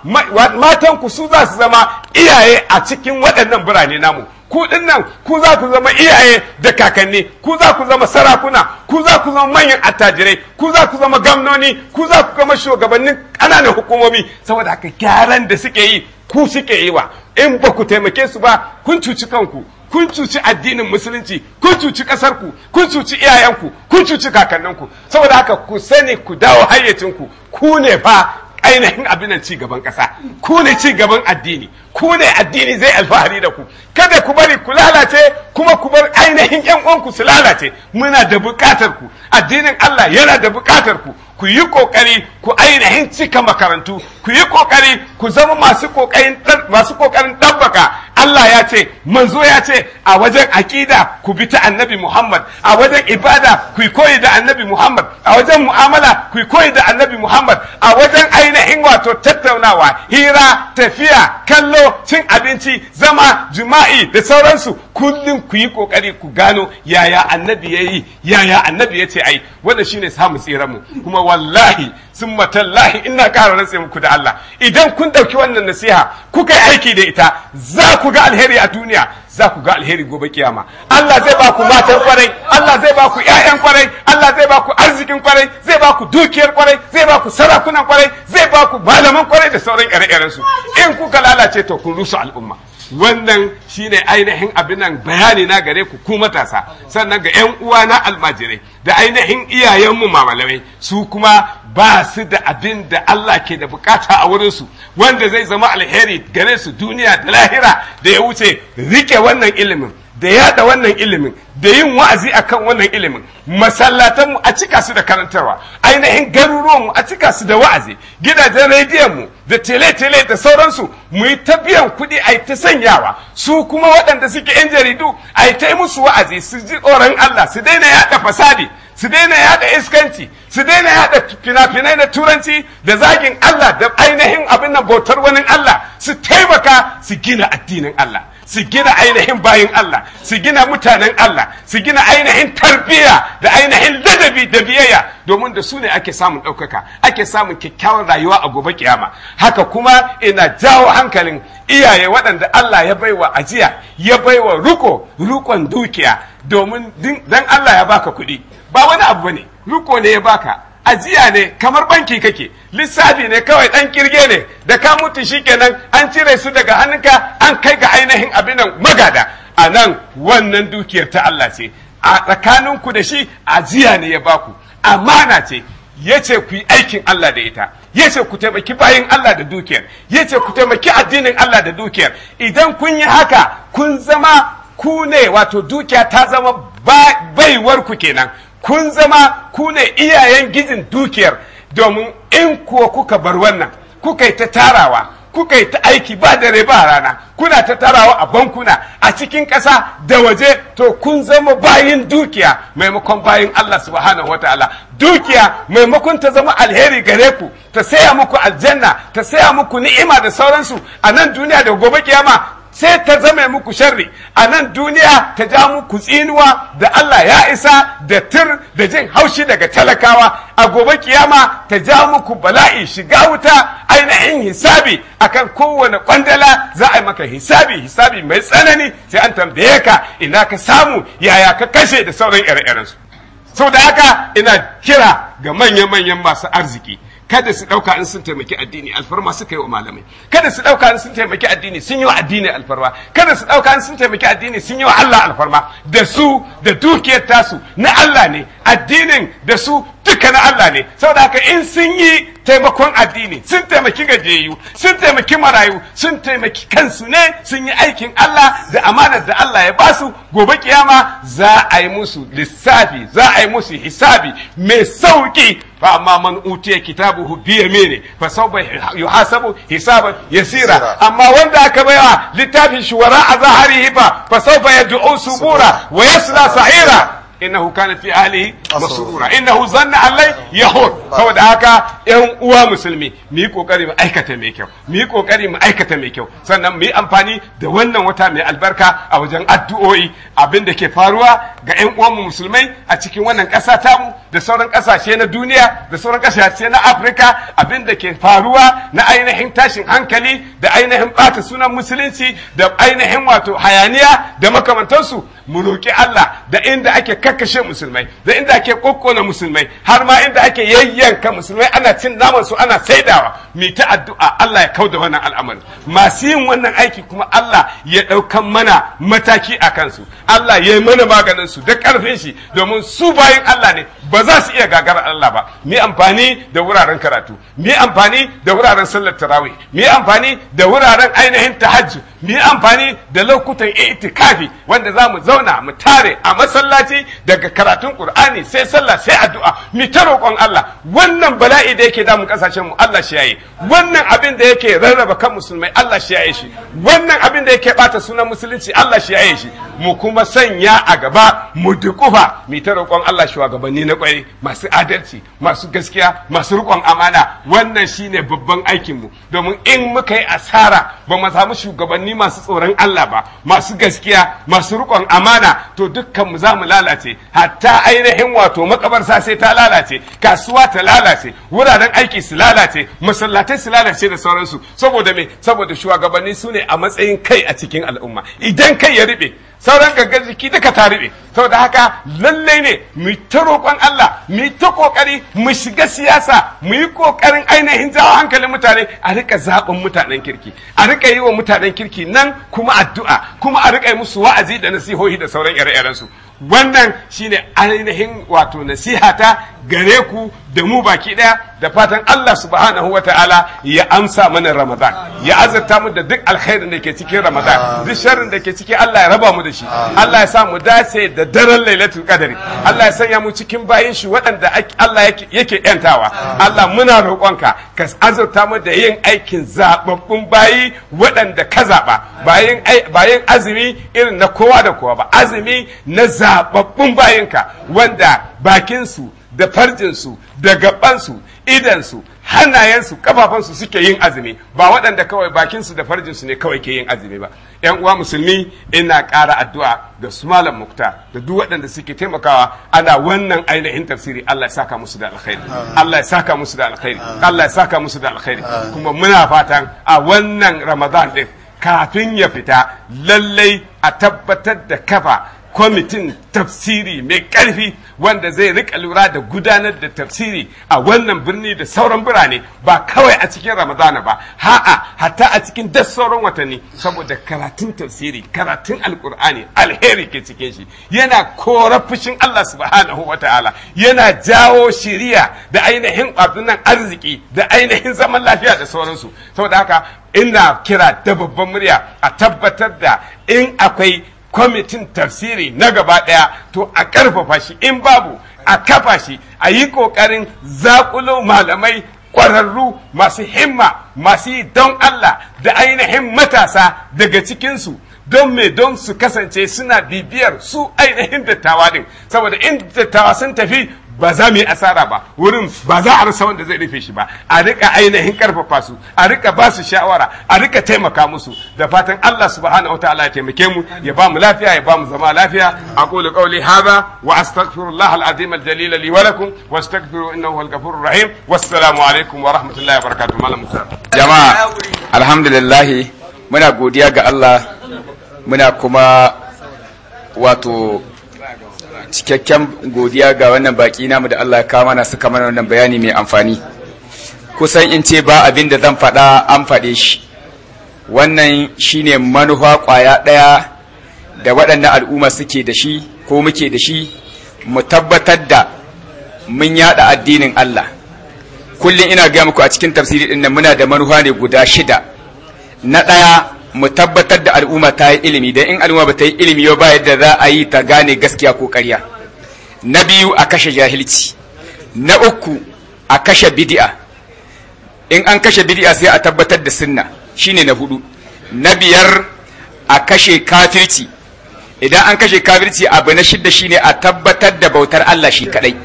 matan ku su za su zama iyaye a cikin waɗannan birane namu ku dinnan ku za ku zama iyaye da kakanni ku za ku zama sarakuna ku za ku zama manyan attajirai ku za ku zama gamnoni ku za ku zama shugabannin ƙananan hukumomi saboda haka gyaran da suke yi ku suke yi wa in ba ku taimake su ba kun cuci kanku kun cuci addinin musulunci kun cuci ƙasarku kun cuci iyayenku kun cuci kakanninku saboda haka ku sani ku dawo hayyacinku ku ne ba ainihin abin ci gaban ƙasa ku ne ci gaban addini ku ne addini zai alfahari da ku kada ku bari ku lalace kuma ku bar ainihin yan uwanku su lalace muna da buƙatar ku addinin Allah yana da buƙatar ku ku yi ƙoƙari ku ainihin cika makarantu ku yi kokari ku zama masu kokarin ɗabbaka Allah ya ce manzo ya ce a wajen aƙida ku bi ta annabi Muhammad a wajen ibada ku koyi da annabi Muhammad a wajen mu'amala ku koyi da annabi Muhammad a wajen ainihin wato tattaunawa hira tafiya kallo cin abinci zama jima'i da sauransu kullum ku yi kokari ku gano yaya annabi yi yaya annabi ya ce ai wannan shine samu tsiranmu kuma wallahi sun matallahi ina ƙara rantse muku da Allah idan kun ɗauki wannan nasiha kuka yi aiki da ita za ku ga alheri a duniya za ku ga alheri gobe kiyama Allah zai ba ku matan kwarai Allah zai ba ku ƴaƴan kwarai Allah zai ba ku arzikin kwarai zai ba ku dukiyar kwarai zai ba ku sarakunan kwarai zai ba ku malaman kwarai da sauran ire-iren su in kuka lalace to kun rusu al'umma wannan shine ainihin abin nan bayani na gare ku ku matasa sannan ga 'yan uwa na almajirai da ainihin iyayenmu mamalamai su kuma ba su da abin da Allah ke da bukata a wurinsu wanda zai zama alheri gare su duniya da lahira da ya wuce rike wannan ilimin da yada wannan ilimin da yin wa'azi akan wannan ilimin masallatan mu a cika su da karantarwa ainihin garuruwan mu a cika su da wa'azi gidajen rediyon mu da tele-tele da sauransu mu yi ta biyan kuɗi a ta sanyawa su kuma waɗanda suke yan jaridu a yi ta musu wa'azi su ji tsoron Allah su daina yada fasadi su daina yada iskanci su daina yada fina-finai na turanci da zagin Allah da ainihin abin nan bautar wani Allah su taimaka su gina addinin Allah su gina ainihin bayin Allah su gina mutanen Allah su gina ainihin tarbiyya da ainihin ladabi da biyayya domin da su ne ake samun ɗaukaka ake samun kyakkyawan rayuwa a gobe kiyama haka kuma ina jawo hankalin iyaye waɗanda Allah ya baiwa ajiya ya baiwa ruko rukon dukiya domin dan Allah ya baka kuɗi ba wani abu ne ruko ne ya baka ajiya ne kamar banki kake lissafi ne kawai dan kirge ne da ka mutu shi shikenan an cire su daga hannunka an kai ga ainihin abin magada a nan wannan dukiyar ta Allah ce a tsakaninku da shi ajiya ne ya baku amana ce ya ce ku yi aikin Allah da ita ya ce ku taimaki bayin Allah da dukiyar ya ce ku taimaki addinin Allah da dukiyar idan kun yi haka kun zama ku ne wato dukiya ta zama baiwarku kenan kun zama ku ne iyayen gizin dukiyar domin in kuwa kuka bar wannan kuka yi ta tarawa kuka yi ta aiki ba dare ba rana kuna ta tarawa a bankuna a cikin ƙasa da waje to kun zama bayin dukiya maimakon bayin Allah subhanahu wataala dukiya maimakon ta zama alheri gare ku ta saya muku aljanna ta saya muku ni'ima da sauransu a nan duniya da gobe kiyama sai ta zama muku sharri a nan duniya ta ja muku tsinuwa da Allah ya isa da tir da jin haushi daga talakawa a gobe kiyama ta ja muku bala'i shiga wuta ainihin hisabi a kan kowane kwandala za a yi maka hisabi hisabi mai tsanani sai an tambaye ka ina ka samu yaya ka kashe da sauran ire-irensu sau da haka ina kira ga manya-manyan masu arziki kada su ɗauka in sun taimaki addini alfarma suka yi wa malamai kada su ɗauka in sun taimaki addini sun yi wa addini alfarma kada su ɗauka in sun taimaki addini sun yi wa Allah alfarma da su da dukiyar tasu na Allah ne addinin da su duka na Allah ne saboda haka in sun yi taimakon addini sun taimaki gajiyayyu sun taimaki marayu sun taimaki kansu ne sun yi aikin Allah da amanar da Allah ya ba su gobe kiyama za a yi musu lissafi za a yi musu hisabi mai sauki fa amma man utiya kitabuhu bi yamini fa sawfa yuhasabu hisaban yasira amma wanda aka baiwa littafin shuwara a zaharihi fa fa sawfa yad'u subura wa yasla sa'ira innahu kana fi ahlihi masrura innahu zanna allai yahur saboda haka yan uwa musulmi mu yi kokari mu aikata mai kyau mu yi kokari aikata mai kyau sannan mu amfani da wannan wata mai albarka a wajen addu'o'i abin da ke faruwa ga yan uwanmu musulmai a cikin wannan ƙasa tamu da sauran ƙasashe na duniya da sauran ƙasashe na Afirka abin da ke faruwa na ainihin tashin hankali da ainihin ɓata sunan musulunci da ainihin wato hayaniya da makamantansu mu roƙi Allah da inda ake kaka kakkashe musulmai da inda ake kokkona musulmai har ma inda ake yayyanka musulmai ana cin naman su ana saidawa mi ta addu'a Allah ya kauda wannan al'amari masu yin wannan aiki kuma Allah ya ɗaukan mana mataki a kansu Allah ya yi mana maganin su da karfin shi domin su bayan Allah ne ba za su iya gagarar Allah ba mi amfani da wuraren karatu mi amfani da wuraren sallar tarawih mi amfani da wuraren ainihin tahajjud mi amfani da lokutan itikafi wanda za mu zauna mu tare a masallaci daga karatun Qur'ani sai sallah sai addu'a mi ta roƙon Allah wannan bala'i da yake damu kasashen mu Allah shi yayi wannan abin da yake rarraba kan musulmai Allah shi yayi shi wannan abin da yake bata sunan musulunci Allah shi yayi shi mu kuma sanya a gaba mu dukufa mi ta roƙon Allah shugabanni na kwai masu adalci masu gaskiya masu riƙon amana wannan shine babban aikin mu domin in muka yi asara ba mu samu shugabanni masu tsoron Allah ba masu gaskiya masu riƙon amana to dukkan mu za mu lalace hatta ainihin wato makabarsa sai ta lalace kasuwa ta lalace wuraren aiki su lalace masallatai su lalace da sauransu saboda me saboda shugabanni su ne a matsayin kai a cikin al'umma idan kai ya riɓe sauran gaggar jiki duka ta rube saboda haka lalle ne mu ta roƙon Allah mu ta kokari mu shiga siyasa mu yi kokarin ainihin jawo hankalin mutane a rika zaɓin mutanen kirki a rika yi wa mutanen kirki nan kuma addu'a kuma a rika yi musu wa'azi da nasihohi da sauran ire-iren su wannan shine ainihin wato nasihata gare ku da mu baki ɗaya da fatan Allah subhanahu wa ta'ala ya amsa mana Ramadan ya azurta mu da duk alkhairin da ke cikin Ramadan duk sharrin da ke cikin Allah ya raba mu da shi Allah ya sa mu dace da daren lailatul qadari Allah ya sanya mu cikin bayin shi waɗanda Allah yake yantawa Allah muna roƙonka ka azurta mu da yin aikin zababbun bayi waɗanda ka zaba bayin bayin azumi irin na kowa da kowa ba azumi na zababbun bayinka wanda bakin su da farjin su da gabansu idansu hannayensu kafafansu suke yin azumi ba waɗanda kawai bakinsu da farjinsu ne kawai ke yin azumi ba yan uwa musulmi ina ƙara addu'a ga su malam mukta da duk waɗanda suke taimakawa ana wannan ainihin tafsiri Allah ya saka musu da alkhairi Allah ya saka musu da alkhairi Allah ya saka musu da alkhairi kuma muna fatan a wannan Ramadan din kafin ya fita lallai a tabbatar da kafa kwamitin tafsiri mai ƙarfi wanda zai riƙa lura da gudanar da tafsiri a wannan birni da sauran birane ba kawai a cikin ramadana ba ha'a hatta a cikin duk sauran watanni saboda karatun tafsiri karatun alkur'ani alheri ke cikin shi yana kora fushin Allah subhanahu ta'ala yana jawo shiriya da ainihin abdunan arziki da ainihin zaman lafiya da sauransu saboda haka ina kira da babban murya a tabbatar da in akwai kwamitin tafsiri na gaba ɗaya to a ƙarfafa shi in babu a kafa shi a yi ƙoƙarin zaƙulo malamai ƙwararru masu himma masu yi don Allah da ainihin matasa daga cikinsu don me don su kasance suna bibiyar su ainihin dattawa din saboda in dattawa sun tafi ba za mu yi asara ba wurin ba za a rasa wanda zai rufe shi ba a rika ainihin karfafa su a rika ba su shawara a rika taimaka musu da fatan Allah subhanahu wataala ya taimake mu ya ba mu lafiya ya ba mu zama lafiya aqulu qawli hadha wa astaghfirullah al-azim al-jalil li wa lakum wastaghfiru innahu huwal ghafurur rahim wassalamu alaikum wa rahmatullahi wa barakatuh malam musa jama'a alhamdulillah muna godiya ga Allah muna kuma wato cikakken godiya ga wannan baki namu da Allah ya kama na suka mana wannan bayani mai amfani kusan in ce ba abin da zan faɗa an faɗe shi wannan shine manufa ƙwaya ɗaya da waɗannan al'umma suke da shi ko muke da shi mu tabbatar da mun yaɗa addinin Allah kullum ina gaya muku a cikin tafsiri ɗin nan muna da manufa ne guda shida na ɗaya mu tabbatar da al'umma ta yi ilimi dan in al'umma ba ta yi ilimi ba yadda za a yi ta gane gaskiya ko ƙarya na biyu a kashe jahilci na uku a kashe bidi'a in an kashe bidi'a sai a tabbatar da sunna shine na hudu na biyar a kashe kafirci idan an kashe kafirci abu na shidda shine a tabbatar da bautar Allah shi kadai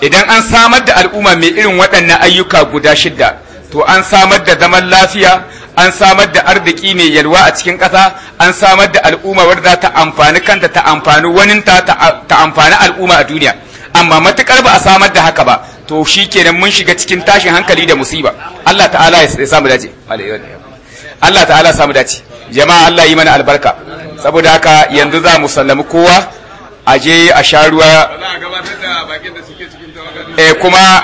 idan an samar da al'umma mai irin waɗannan ayyuka guda shidda to an samar da zaman lafiya an samar da arziki mai yalwa a cikin ƙasa an samar da al'umma wadda ta amfani kanta ta amfani wani ta ta amfani al'umma a duniya amma matukar ba a samar da haka ba to shi kenan mun shiga cikin tashin hankali da musiba Allah ta'ala ya samu dace Allah ta'ala samu dace jama'a Allah yi mana albarka saboda haka yanzu za mu sallami kowa a je a sha ruwa eh kuma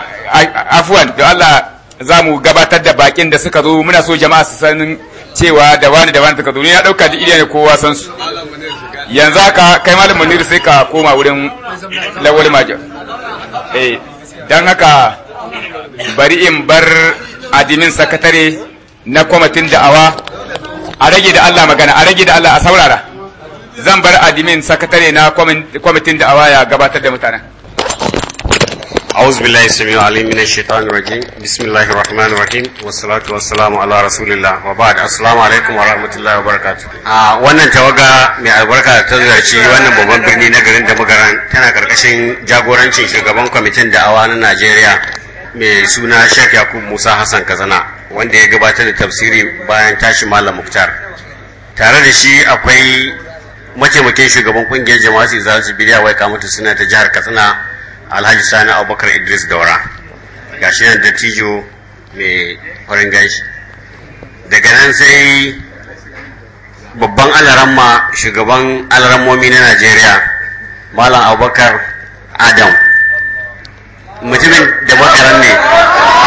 afwan. da Allah za mu gabatar da bakin da suka zo muna so jama'a su san cewa da wani da wani suka zo ni na dauka da iriya ne kowa san su yanzu haka kai malam munir sai ka koma wurin lawal major eh dan haka bari in bar adimin sakatare na kwamitin da'awa a rage da Allah magana a rage da Allah a saurara zan bar adimin sakatare na kwamitin da'awa ya gabatar da mutanen أعوذ بالله السميع العليم من الشيطان الرجيم بسم الله الرحمن الرحيم والصلاة والسلام على رسول الله وبعد السلام عليكم wannan tawaga mai albarka da ta ziyarci wannan babban birni na garin da magaran tana karkashin jagorancin shugaban kwamitin da da'awa na Najeriya mai suna Sheikh Yakub Musa Hassan Kazana wanda ya gabatar da tafsiri bayan tashi Malam Muktar tare da shi akwai mataimakin shugaban ƙungiyar jama'a za su bidiya wai kamata suna ta jihar Katsina alhaji sani abubakar idris daura ga shi nan dattijo mai farin gashi daga nan sai babban alaramma shugaban alarammomi na najeriya malam abubakar adam mutumin da bakaran ne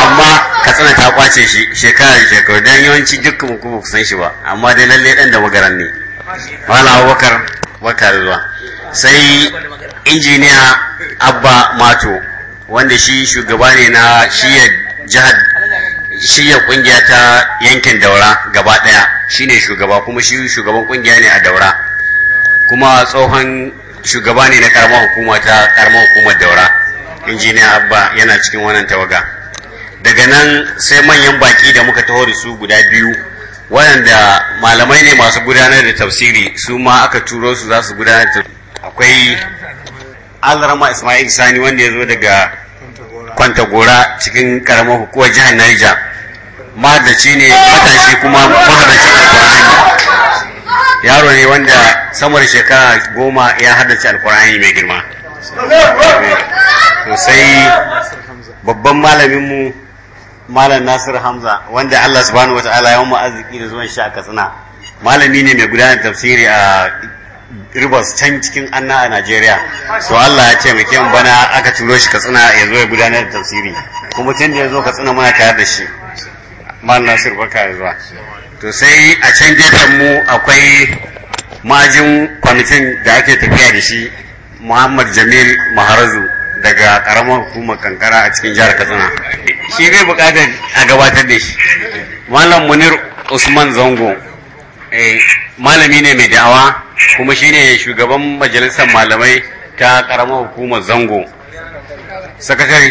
amma katsina ta kwace shi shekara da shekaru don yawanci dukkan kuma kusan shi ba amma dai lalle dan da bakaran ne malam abubakar barka ruwa sai injiniya abba mato wanda shi shugaba ne na shiyar jihar shiyar kungiya ta yankin daura gaba daya shine shugaba kuma shi shugaban kungiya ne a daura kuma tsohon shugaba ne na karamar hukuma ta karamar hukumar daura injiniya abba yana cikin wannan tawaga daga nan sai manyan baki da muka taho da su guda biyu waɗanda malamai ne masu gudanar da tafsiri su ma aka turo su za su gudanar da akwai alrama ismail sani wanda ya zo daga kwantagora cikin karamar hukumar jihar naija mahadaci ne matashi kuma mahadaci alkur'ani yaro ne wanda samar shekara goma ya haddace alkur'ani mai girma sosai babban malaminmu malam nasir hamza wanda allah subhanahu wataala ya mu arziki da zuwan shi a katsina malami ne mai gudanar tafsiri a rivers can cikin anna a nigeria to allah ya ce mu kyan bana aka turo shi katsina ya zo ya gudanar da tafsiri kuma tun da ya zo katsina muna tare da shi malam nasir barka ya zuwa to sai a can gefen mu akwai majin kwamitin da ake tafiya da shi muhammad jamil maharazu daga karamar hukumar kankara a cikin jihar katsina shi zai bukatar a gabatar da shi malam munir usman zango eh, malami ne mai da'awa kuma shine shugaban majalisar malamai ta karamar hukumar zango sakatare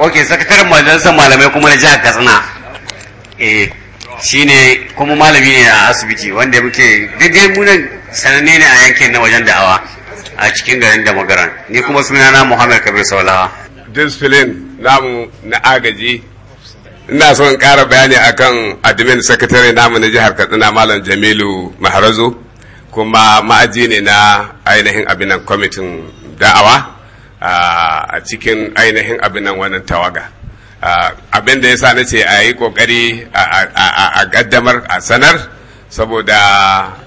ok sakataren majalisar malamai kuma na jihar katsina eh shine kuma malami ne a asibiti wanda muke daidai munan sananne ne a yankin na wajen da'awa a cikin garin da magaran ni kuma sunana muhammad kabir saulawa disfilin namu na agaji ina so in kara bayani akan admin secretary namu na jihar katsina malam jamilu Maharazu kuma ma'aji ne na ainihin abinan kwamitin da'awa a cikin ainihin abinan wannan tawaga abin da ya sa na ce a yi kokari a gaddamar a sanar saboda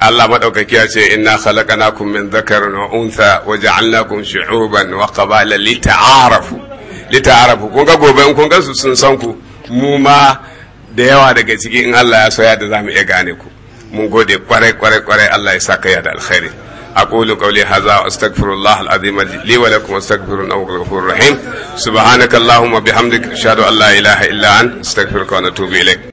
Allah maɗaukaki ya ce inna khalaqnakum min dhakarin wa untha wa ja'alnakum shu'uban wa qabala lita'arafu lita'arafu kun ga gobe in kun ga su sun san ku mu ma da yawa daga ciki in Allah ya so ya da zamu iya gane ku mun gode kwarai kwarai kwarai Allah ya saka ya da alkhairi أقول قولي هذا وأستغفر الله العظيم لي ولكم أستغفر إنه غفور رحيم سبحانك اللهم وبحمدك أشهد أن لا إله إلا أنت أستغفرك ونتوب إليك